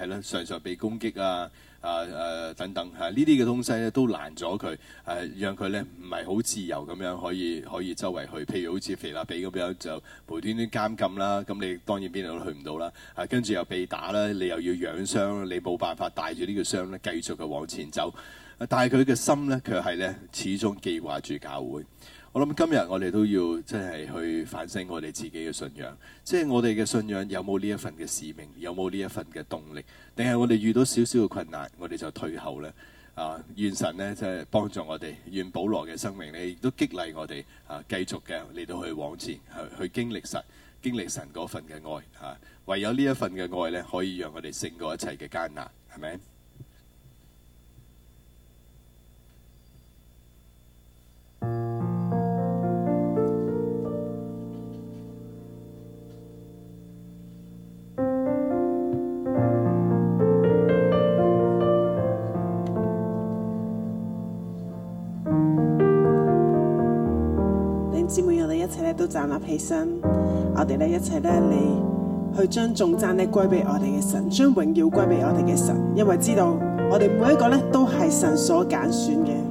係啦，啊啊啊、常常被攻擊啊。啊誒、uh, 等等嚇，呢啲嘅東西咧都攔咗佢，係、uh, 讓佢咧唔係好自由咁樣可以可以周圍去。譬如好似腓立比咁樣，就無端端監禁啦。咁、啊、你當然邊度都去唔到啦。嚇，跟住又被打啦，你又要養傷，你冇辦法帶住呢個傷咧繼續嘅往前走。Uh, 但係佢嘅心咧，卻係咧始終記掛住教會。我諗今日我哋都要即係去反省我哋自己嘅信仰，即係我哋嘅信仰有冇呢一份嘅使命，有冇呢一份嘅動力，定係我哋遇到少少嘅困難，我哋就退後呢？啊，願神呢即係幫助我哋，願保羅嘅生命呢亦都激勵我哋啊，繼續嘅嚟到去往前，去去經歷神，經歷神嗰份嘅愛啊，唯有呢一份嘅愛呢，可以讓我哋勝過一切嘅艱難，係咪？都站立起身，我哋咧一齊咧，嚟去將頌讚呢歸俾我哋嘅神，將榮耀歸俾我哋嘅神，因為知道我哋每一個咧都係神所揀選嘅。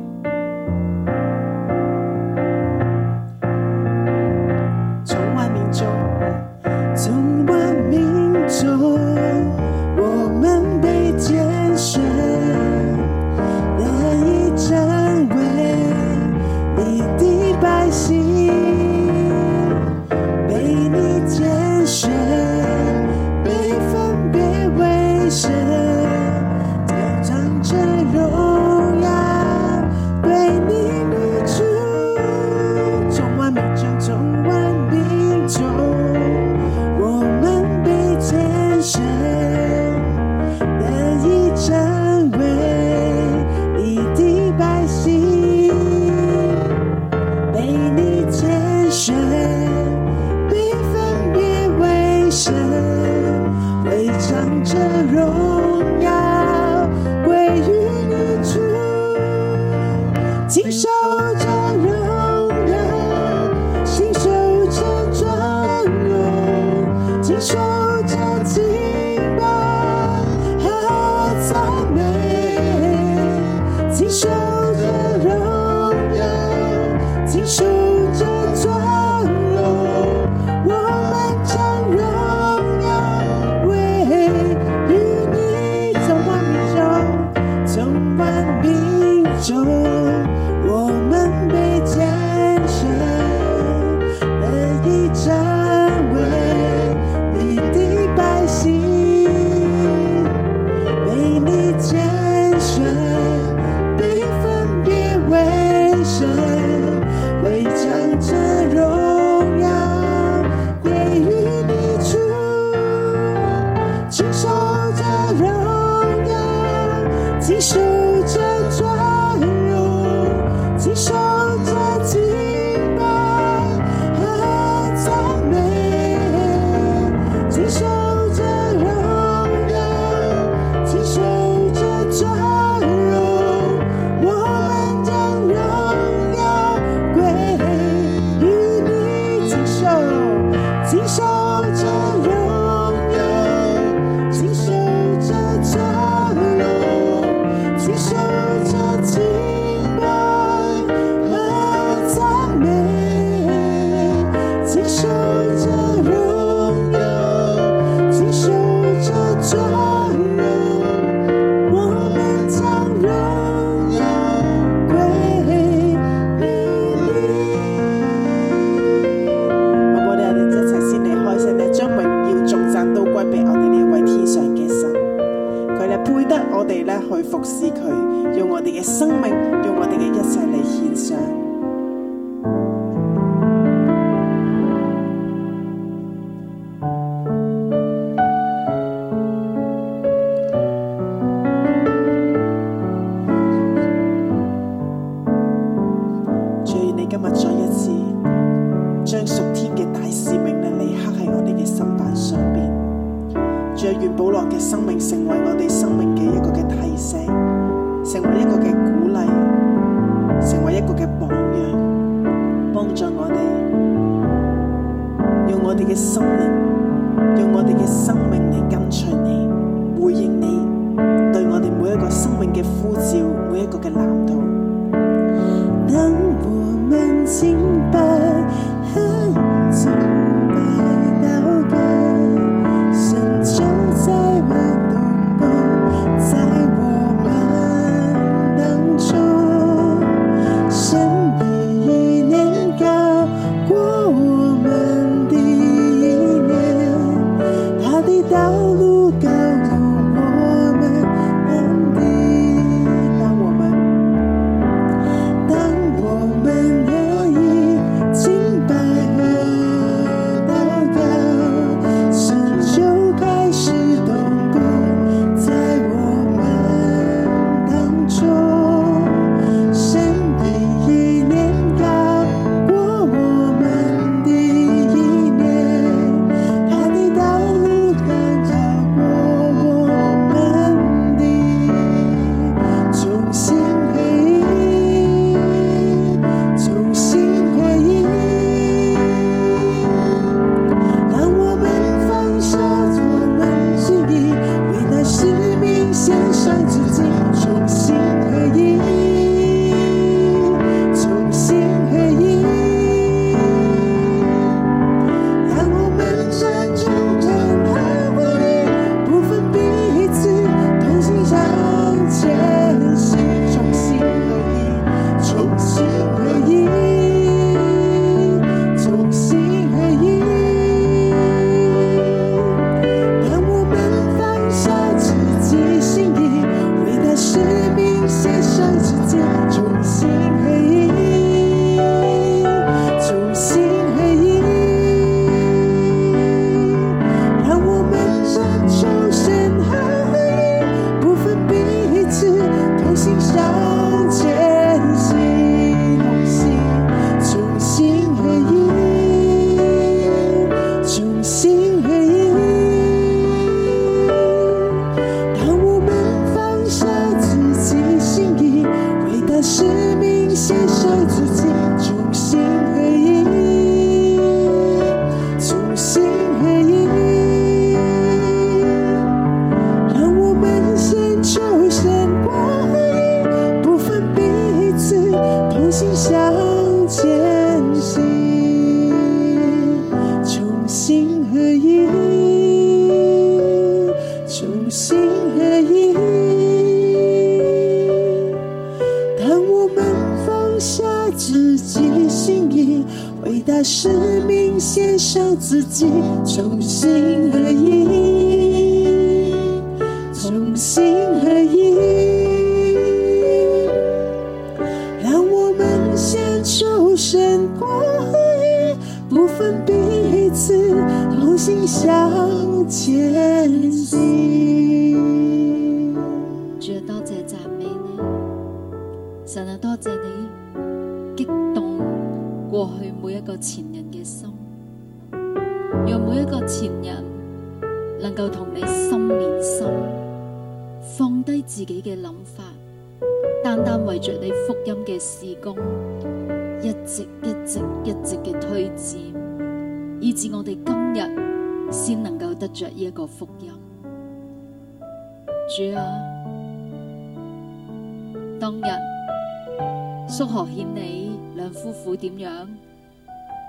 蘇荷獻你兩夫婦點樣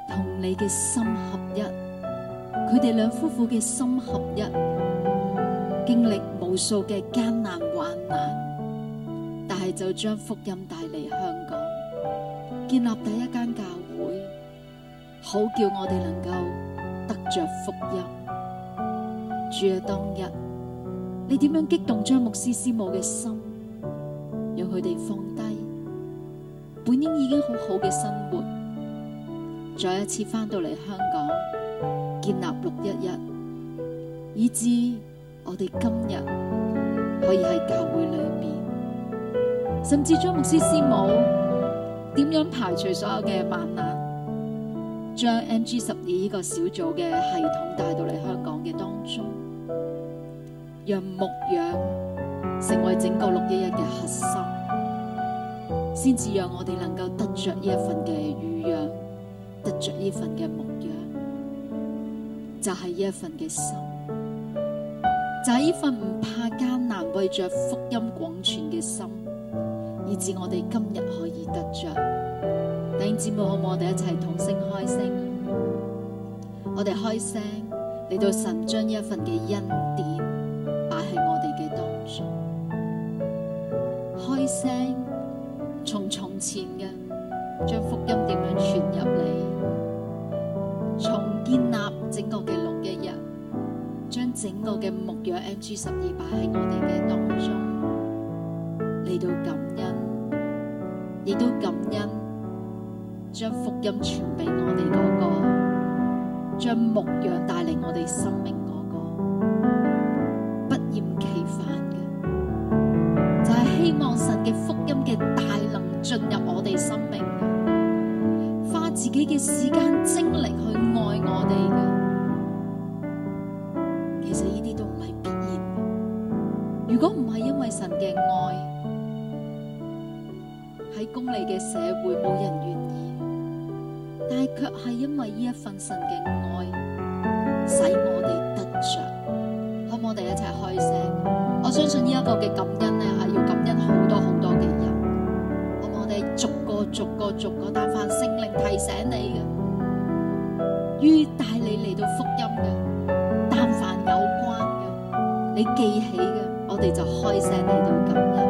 同你嘅心合一？佢哋兩夫婦嘅心合一，經歷無數嘅艱難患難，但係就將福音帶嚟香港，建立第一間教會，好叫我哋能夠得着福音。主啊，當日你點樣激動？將牧師師母嘅心讓佢哋放低。本應已經好好嘅生活，再一次翻到嚟香港，建立六一一，以至我哋今日可以喺教會裏面，甚至將牧師師母點樣排除所有嘅萬難，將 MG 十二呢個小組嘅系統帶到嚟香港嘅當中，讓牧養成為整個六一一嘅核心。先至讓我哋能夠得着呢一份嘅預約，得着呢份嘅牧養，就係呢一份嘅心，就係、是、呢份唔怕艱難為着福音廣傳嘅心，以至我哋今日可以得着。弟兄姊妹，可唔可以我哋一齊同聲開聲？我哋開聲嚟到神將呢一份嘅恩典。你記起嘅，我哋就開聲嚟到咁啦。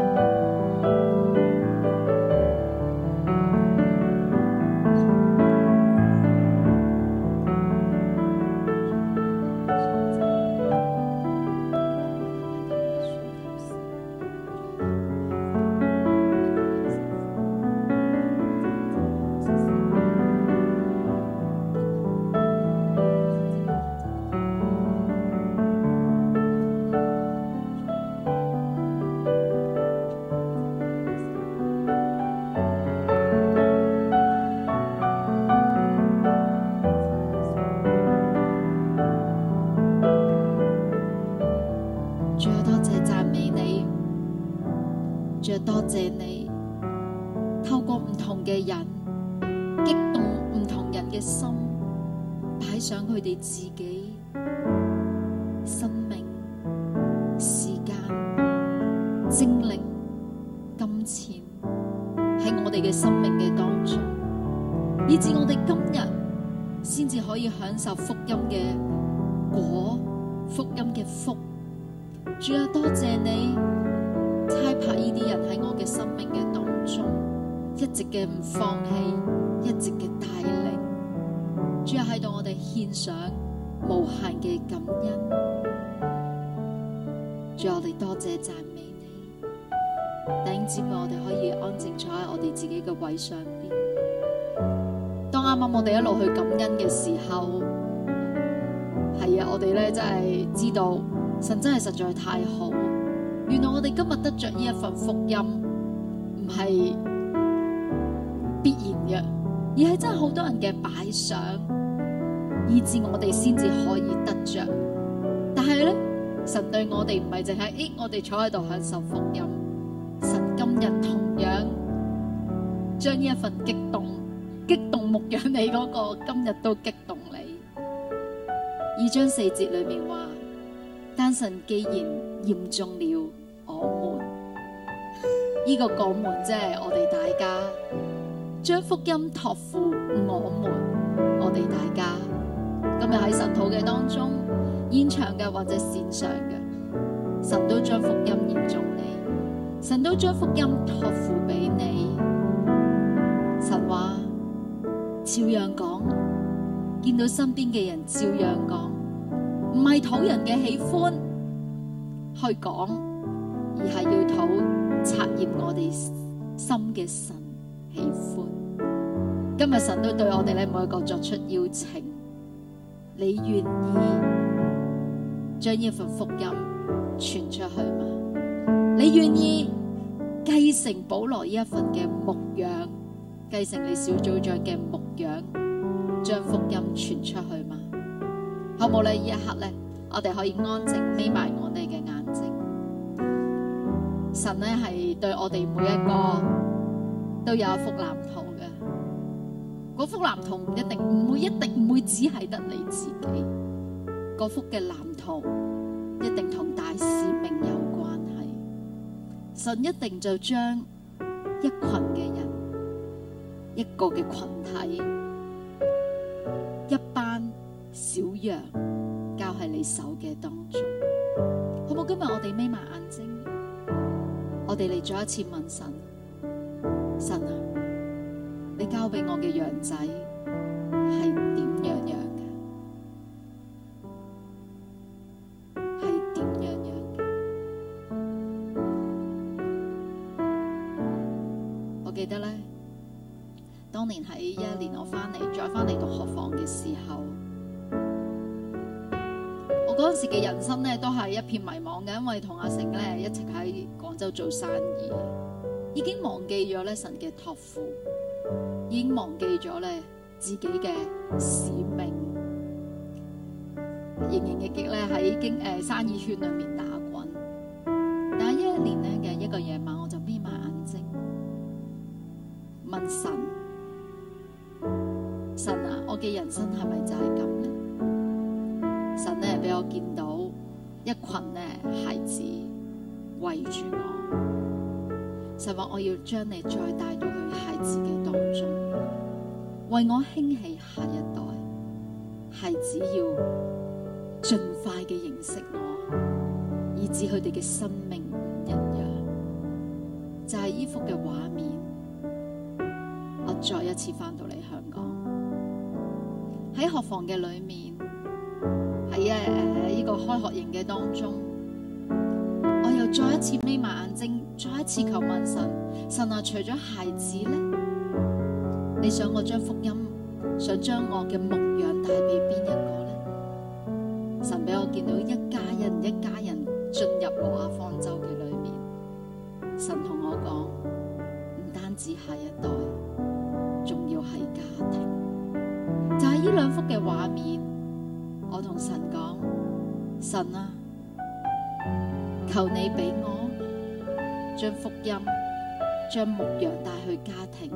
讚美你，弟兄姊妹，我哋可以安靜坐喺我哋自己嘅位上邊。當啱啱我哋一路去感恩嘅時候，係啊，我哋咧真係知道神真係實在太好。原來我哋今日得着呢一份福音，唔係必然嘅，而係真係好多人嘅擺上，以致我哋先至可以得着。神對我哋唔係淨係，誒，我哋坐喺度享受福音。神今日同樣將呢一份激動、激動牧養你嗰個，今日都激動你。二章四節裏面話，但神既然驗中了我們，呢個講門即係我哋大家將福音託付我們，我哋大家今日喺神土嘅當中。現場嘅或者線上嘅，神都將福音驗中你，神都將福音託付俾你。神話照樣講，見到身邊嘅人照樣講，唔係討人嘅喜歡去講，而係要討察驗我哋心嘅神喜歡。今日神都對我哋咧每一個作出邀請，你願意？將呢份福音傳出去嘛？你願意繼承保羅呢一份嘅牧養，繼承你小組長嘅牧養,將福音傳出去嘛？好唔好呢？呢一刻呢，我哋可以安靜，瞇埋我哋嘅眼睛。神呢係對我哋每一個都有一幅藍圖嘅。嗰幅藍圖唔一定，唔會一定，唔會只係得你自己。嗰幅嘅藍圖一定同大使命有關係，神一定就將一群嘅人、一個嘅群體、一班小羊交喺你手嘅當中，好唔好？今日我哋眯埋眼睛，我哋嚟咗一次問神：神啊，你交俾我嘅羊仔係點樣養？當年喺一年我翻嚟再翻嚟讀學房嘅時候，我嗰陣時嘅人生咧都係一片迷茫嘅，因為同阿成咧一齊喺廣州做生意，已經忘記咗咧神嘅託付，已經忘記咗咧自己嘅使命，營營役役咧喺經誒、呃、生意圈裏面打群呢，孩子圍住我，就話我要將你再帶到去孩子嘅當中，為我興起下一代，孩子要盡快嘅認識我，以至佢哋嘅生命一樣，就係、是、依幅嘅畫面。我再一次翻到嚟香港，喺學房嘅裏面，係啊誒。個開學營嘅當中，我又再一次眯埋眼睛，再一次求問神：神啊，除咗孩子咧，你想我將福音、想將我嘅牧養帶俾邊一個咧？神俾我見到一家人一家人進入挪亞方舟嘅裏面。神同我講：唔單止下一代。神啊，求你俾我將福音將牧羊帶去家庭，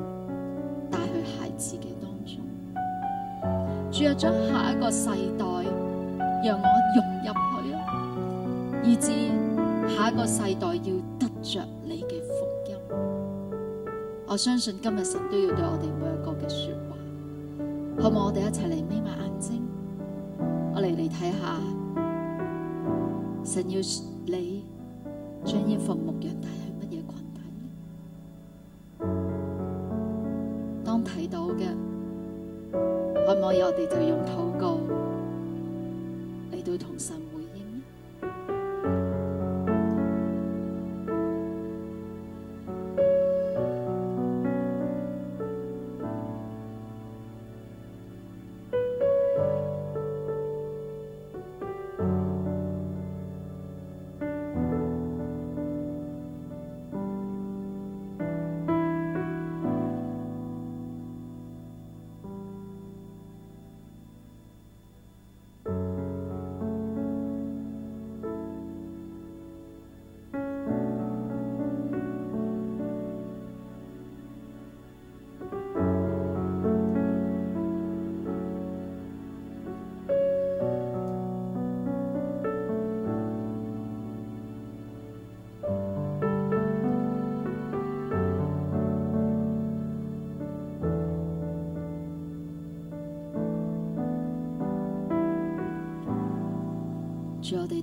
帶去孩子嘅當中，注入將下一個世代，讓我融入去啊，以至下一個世代要得着你嘅福音。我相信今日神都要對我哋每一個嘅說話，好唔好？我哋一齊嚟，眯埋眼睛，我嚟嚟睇下。神要你將呢份牧養帶去乜嘢羣體？當睇到嘅，可唔可以我哋就用？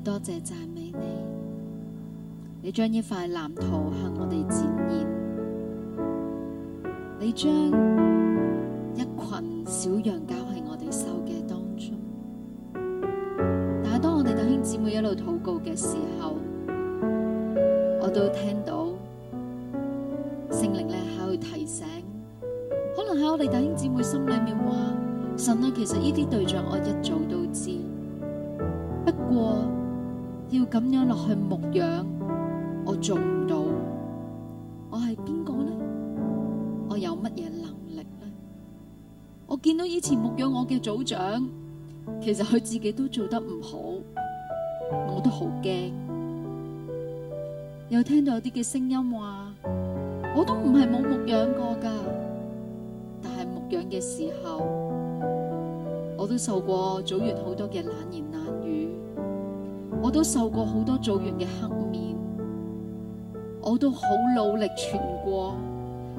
多謝讚美你，你將一塊藍圖向我哋展現，你將一群小羊交喺我哋手嘅當中。但係當我哋弟兄姊妹一路禱告嘅時候，我都聽到聖靈你喺度提醒，可能喺我哋弟兄姊妹心裏面話：神啊，其實呢啲對象我一早都知，不過。要咁樣落去牧養，我做唔到。我係邊個呢？我有乜嘢能力呢？我見到以前牧養我嘅組長，其實佢自己都做得唔好，我都好驚。又聽到有啲嘅聲音話，我都唔係冇牧養過噶，但係牧養嘅時候，我都受過組員好多嘅冷言。我都受過好多組員嘅黑面，我都好努力傳過，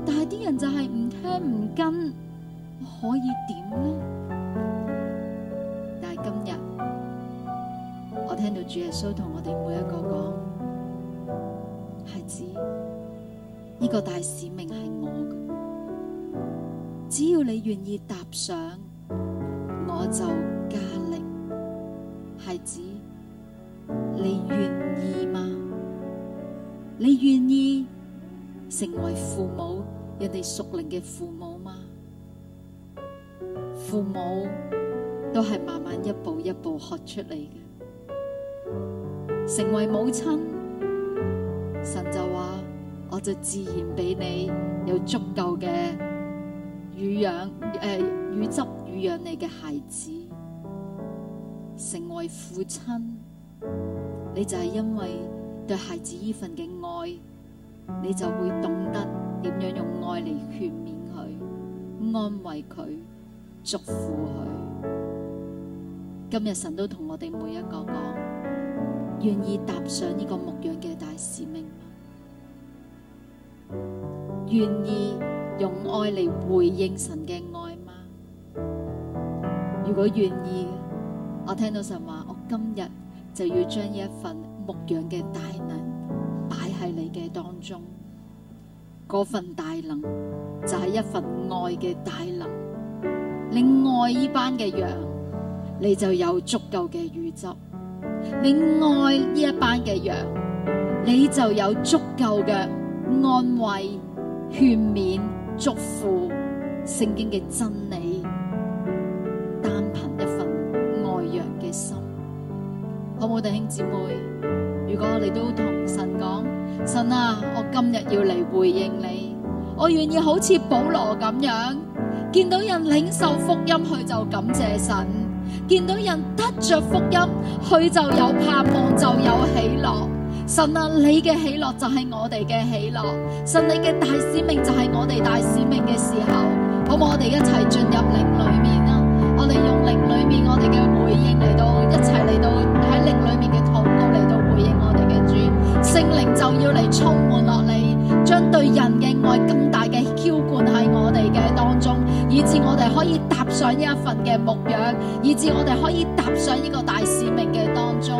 但係啲人就係唔聽唔跟，我可以點呢？但係今日我聽到主耶穌同我哋每一個講，孩子，呢個大使命係我嘅，只要你願意搭上，我就加力，孩子。你願意嗎？你願意成為父母，人哋屬靈嘅父母嗎？父母都係慢慢一步一步學出嚟嘅。成為母親，神就話我就自然俾你有足夠嘅乳養誒乳、呃、乳汁乳養你嘅孩子。成為父親。你就是因為對孩子呢份的愛，你就會懂得怎樣用愛來勸勉他，安慰他，祝福他。今天神都和我哋每一個說，願意踏上這個牧養的大使命嗎？願意用愛來回應神的愛嗎？如果願意，我聽到神說，我今天就要將一份牧養嘅大能擺喺你嘅當中，份大能就係一份愛嘅大能。你愛呢班嘅羊，你就有足夠嘅乳汁；你愛呢一班嘅羊，你就有足夠嘅安慰、勸勉、祝福、聖經嘅真理。我哋兄姊妹，如果我哋都同神講，神啊，我今日要嚟回應你，我願意好似保羅咁樣，見到人領受福音，佢就感謝神；見到人得着福音，佢就有盼望，就有喜樂。神啊，你嘅喜樂就係我哋嘅喜樂，神你嘅大使命就係我哋大使命嘅時候。好唔好，我哋一齊進入靈裏面啊！我哋用靈裏面我哋嘅回應嚟到，一齊嚟到。靈就要嚟充滿落嚟，將對人嘅愛更大嘅澆灌喺我哋嘅當中，以至我哋可以踏上呢一份嘅牧養，以至我哋可以踏上呢個大使命嘅當中。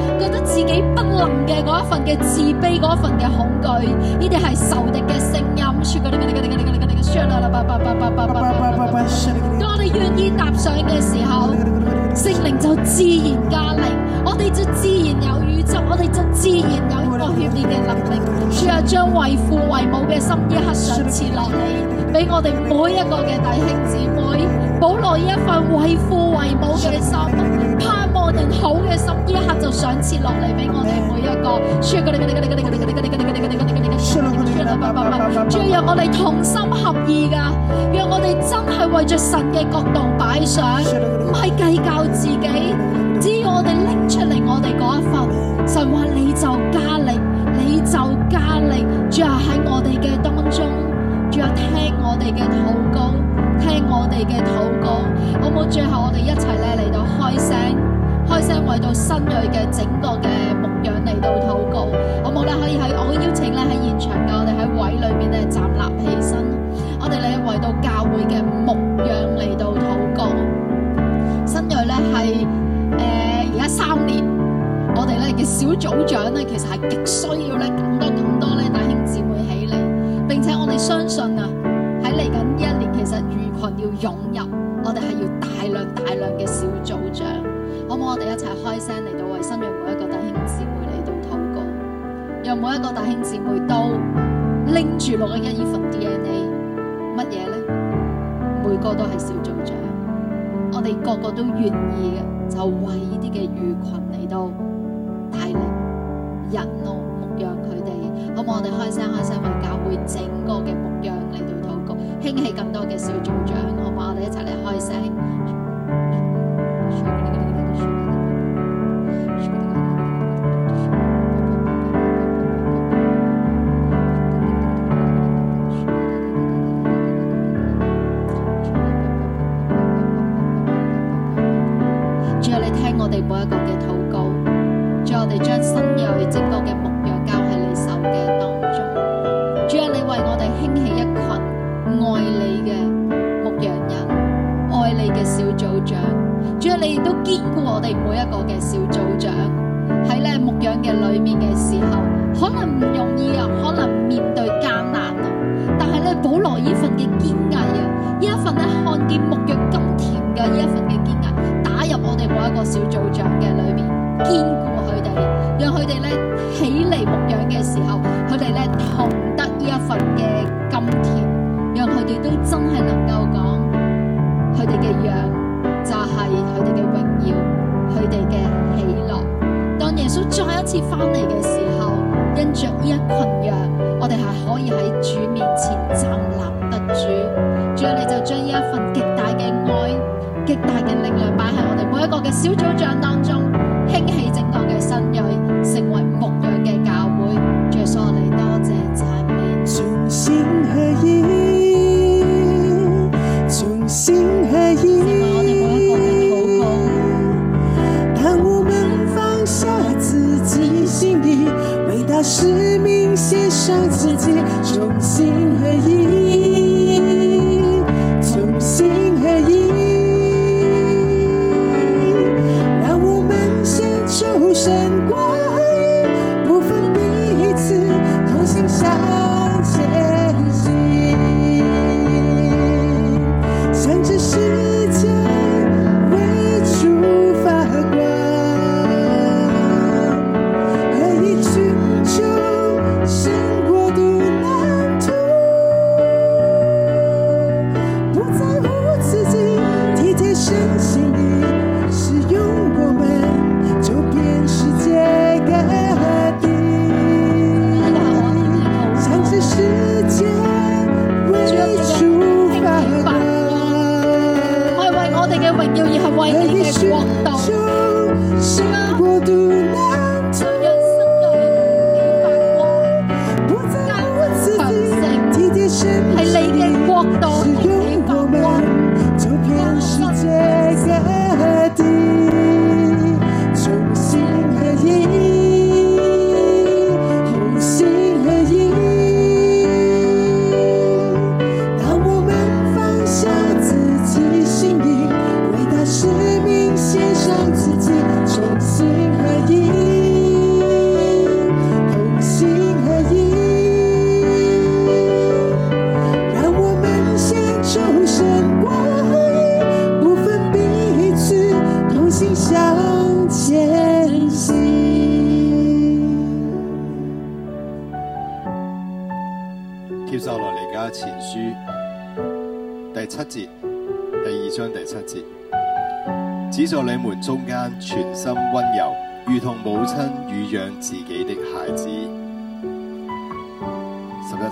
覺得自己不能嘅嗰一份嘅自卑，嗰一份嘅恐懼，呢啲係仇敵嘅聲音。當我哋願意搭上嘅時候，聖靈就自然加力，我哋就自然有宇宙，我哋就自然有一個默念嘅能力。主啊， <noise> 將為父為母嘅心一刻上賜落嚟，俾我哋每一個嘅弟兄姊妹。保留一份為父為母嘅心，盼望定好嘅心，一刻就上設落嚟畀我哋。每一個，最後，你、你、你、你、你、你、你、你、你、你、你、你、你、你、你、你、你。最後，我哋同心合意㗎。讓我哋真係為着神嘅角度擺上，唔係計較自己。只要我哋拎出嚟，我哋嗰一份，神話你就加力，你，你就加力。最後，喺我哋嘅當中，最後聽我哋嘅禱告。聽我哋嘅禱告，好冇？最後我哋一齊咧嚟到開聲，開聲為到新銳嘅整個嘅牧養嚟到禱告，我冇咧可以喺我邀請咧喺現場嘅我哋喺位裏邊咧站立起身，我哋咧為到教會嘅牧養嚟到禱告。新銳咧係誒而家三年，我哋咧嘅小組長咧其實係極需要咧更多更多咧弟兄姊妹起嚟，並且我哋相信啊。要湧入，我哋係要大量大量嘅小組長，好唔好？我哋一齊開聲嚟到為新銳每一個弟兄姊妹嚟到禱告，讓每一個弟兄姊妹都拎住六一一呢份 DNA，乜嘢咧？每個都係小組長，我哋個個都願意嘅，就為呢啲嘅魚群嚟到帶領人咯，牧養佢哋，好唔好？我哋開聲開聲為教會整個嘅牧養嚟到禱告。興起更多嘅小組長，好唔好？我哋一齊嚟開聲。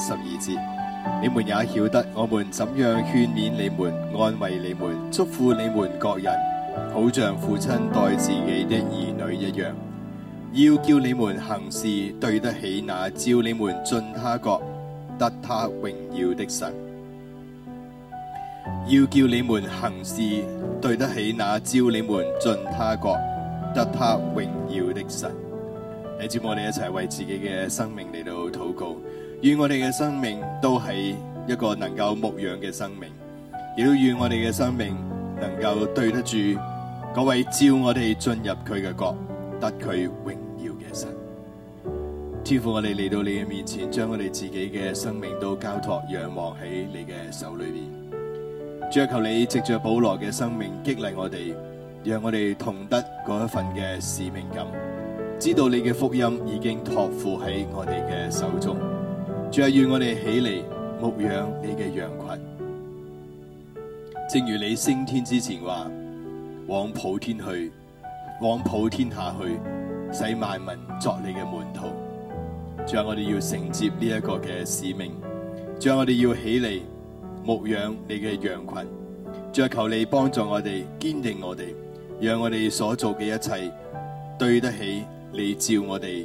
十二節，你們也曉得我們怎樣勸勉你們、安慰你們、祝福你們各人，好像父親待自己的兒女一樣。要叫你們行事對得起那召你們進他國得他榮耀的神。要叫你們行事對得起那召你們進他國得他榮耀的神。弟兄姊妹，我哋一齊為自己嘅生命嚟到禱告。願我哋嘅生命都係一個能夠牧養嘅生命，亦都願我哋嘅生命能夠對得住嗰位召我哋進入佢嘅國、得佢榮耀嘅神。天父，我哋嚟到你嘅面前，將我哋自己嘅生命都交託、仰望喺你嘅手裏面。求求你藉着保羅嘅生命激勵我哋，讓我哋同得嗰一份嘅使命感，知道你嘅福音已經託付喺我哋嘅手中。仲要我哋起嚟牧養你嘅羊群，正如你升天之前話：往普天去，往普天下去，使萬民作你嘅門徒。將我哋要承接呢一個嘅使命，將我哋要起嚟牧養你嘅羊群。再求你幫助我哋，堅定我哋，讓我哋所做嘅一切對得起你照我哋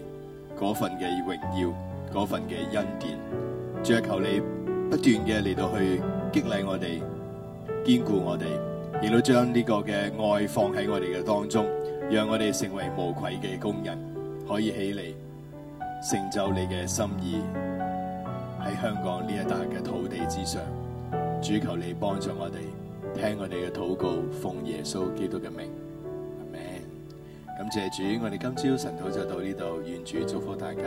嗰份嘅榮耀。嗰份嘅恩典，主求你不斷嘅嚟到去激勵我哋，堅固我哋，亦都將呢個嘅愛放喺我哋嘅當中，讓我哋成為無愧嘅工人，可以起嚟成就你嘅心意喺香港呢一笪嘅土地之上。主求你幫助我哋，聽我哋嘅禱告，奉耶穌基督嘅名，阿門。咁謝主，我哋今朝晨禱就到呢度，願主祝福大家。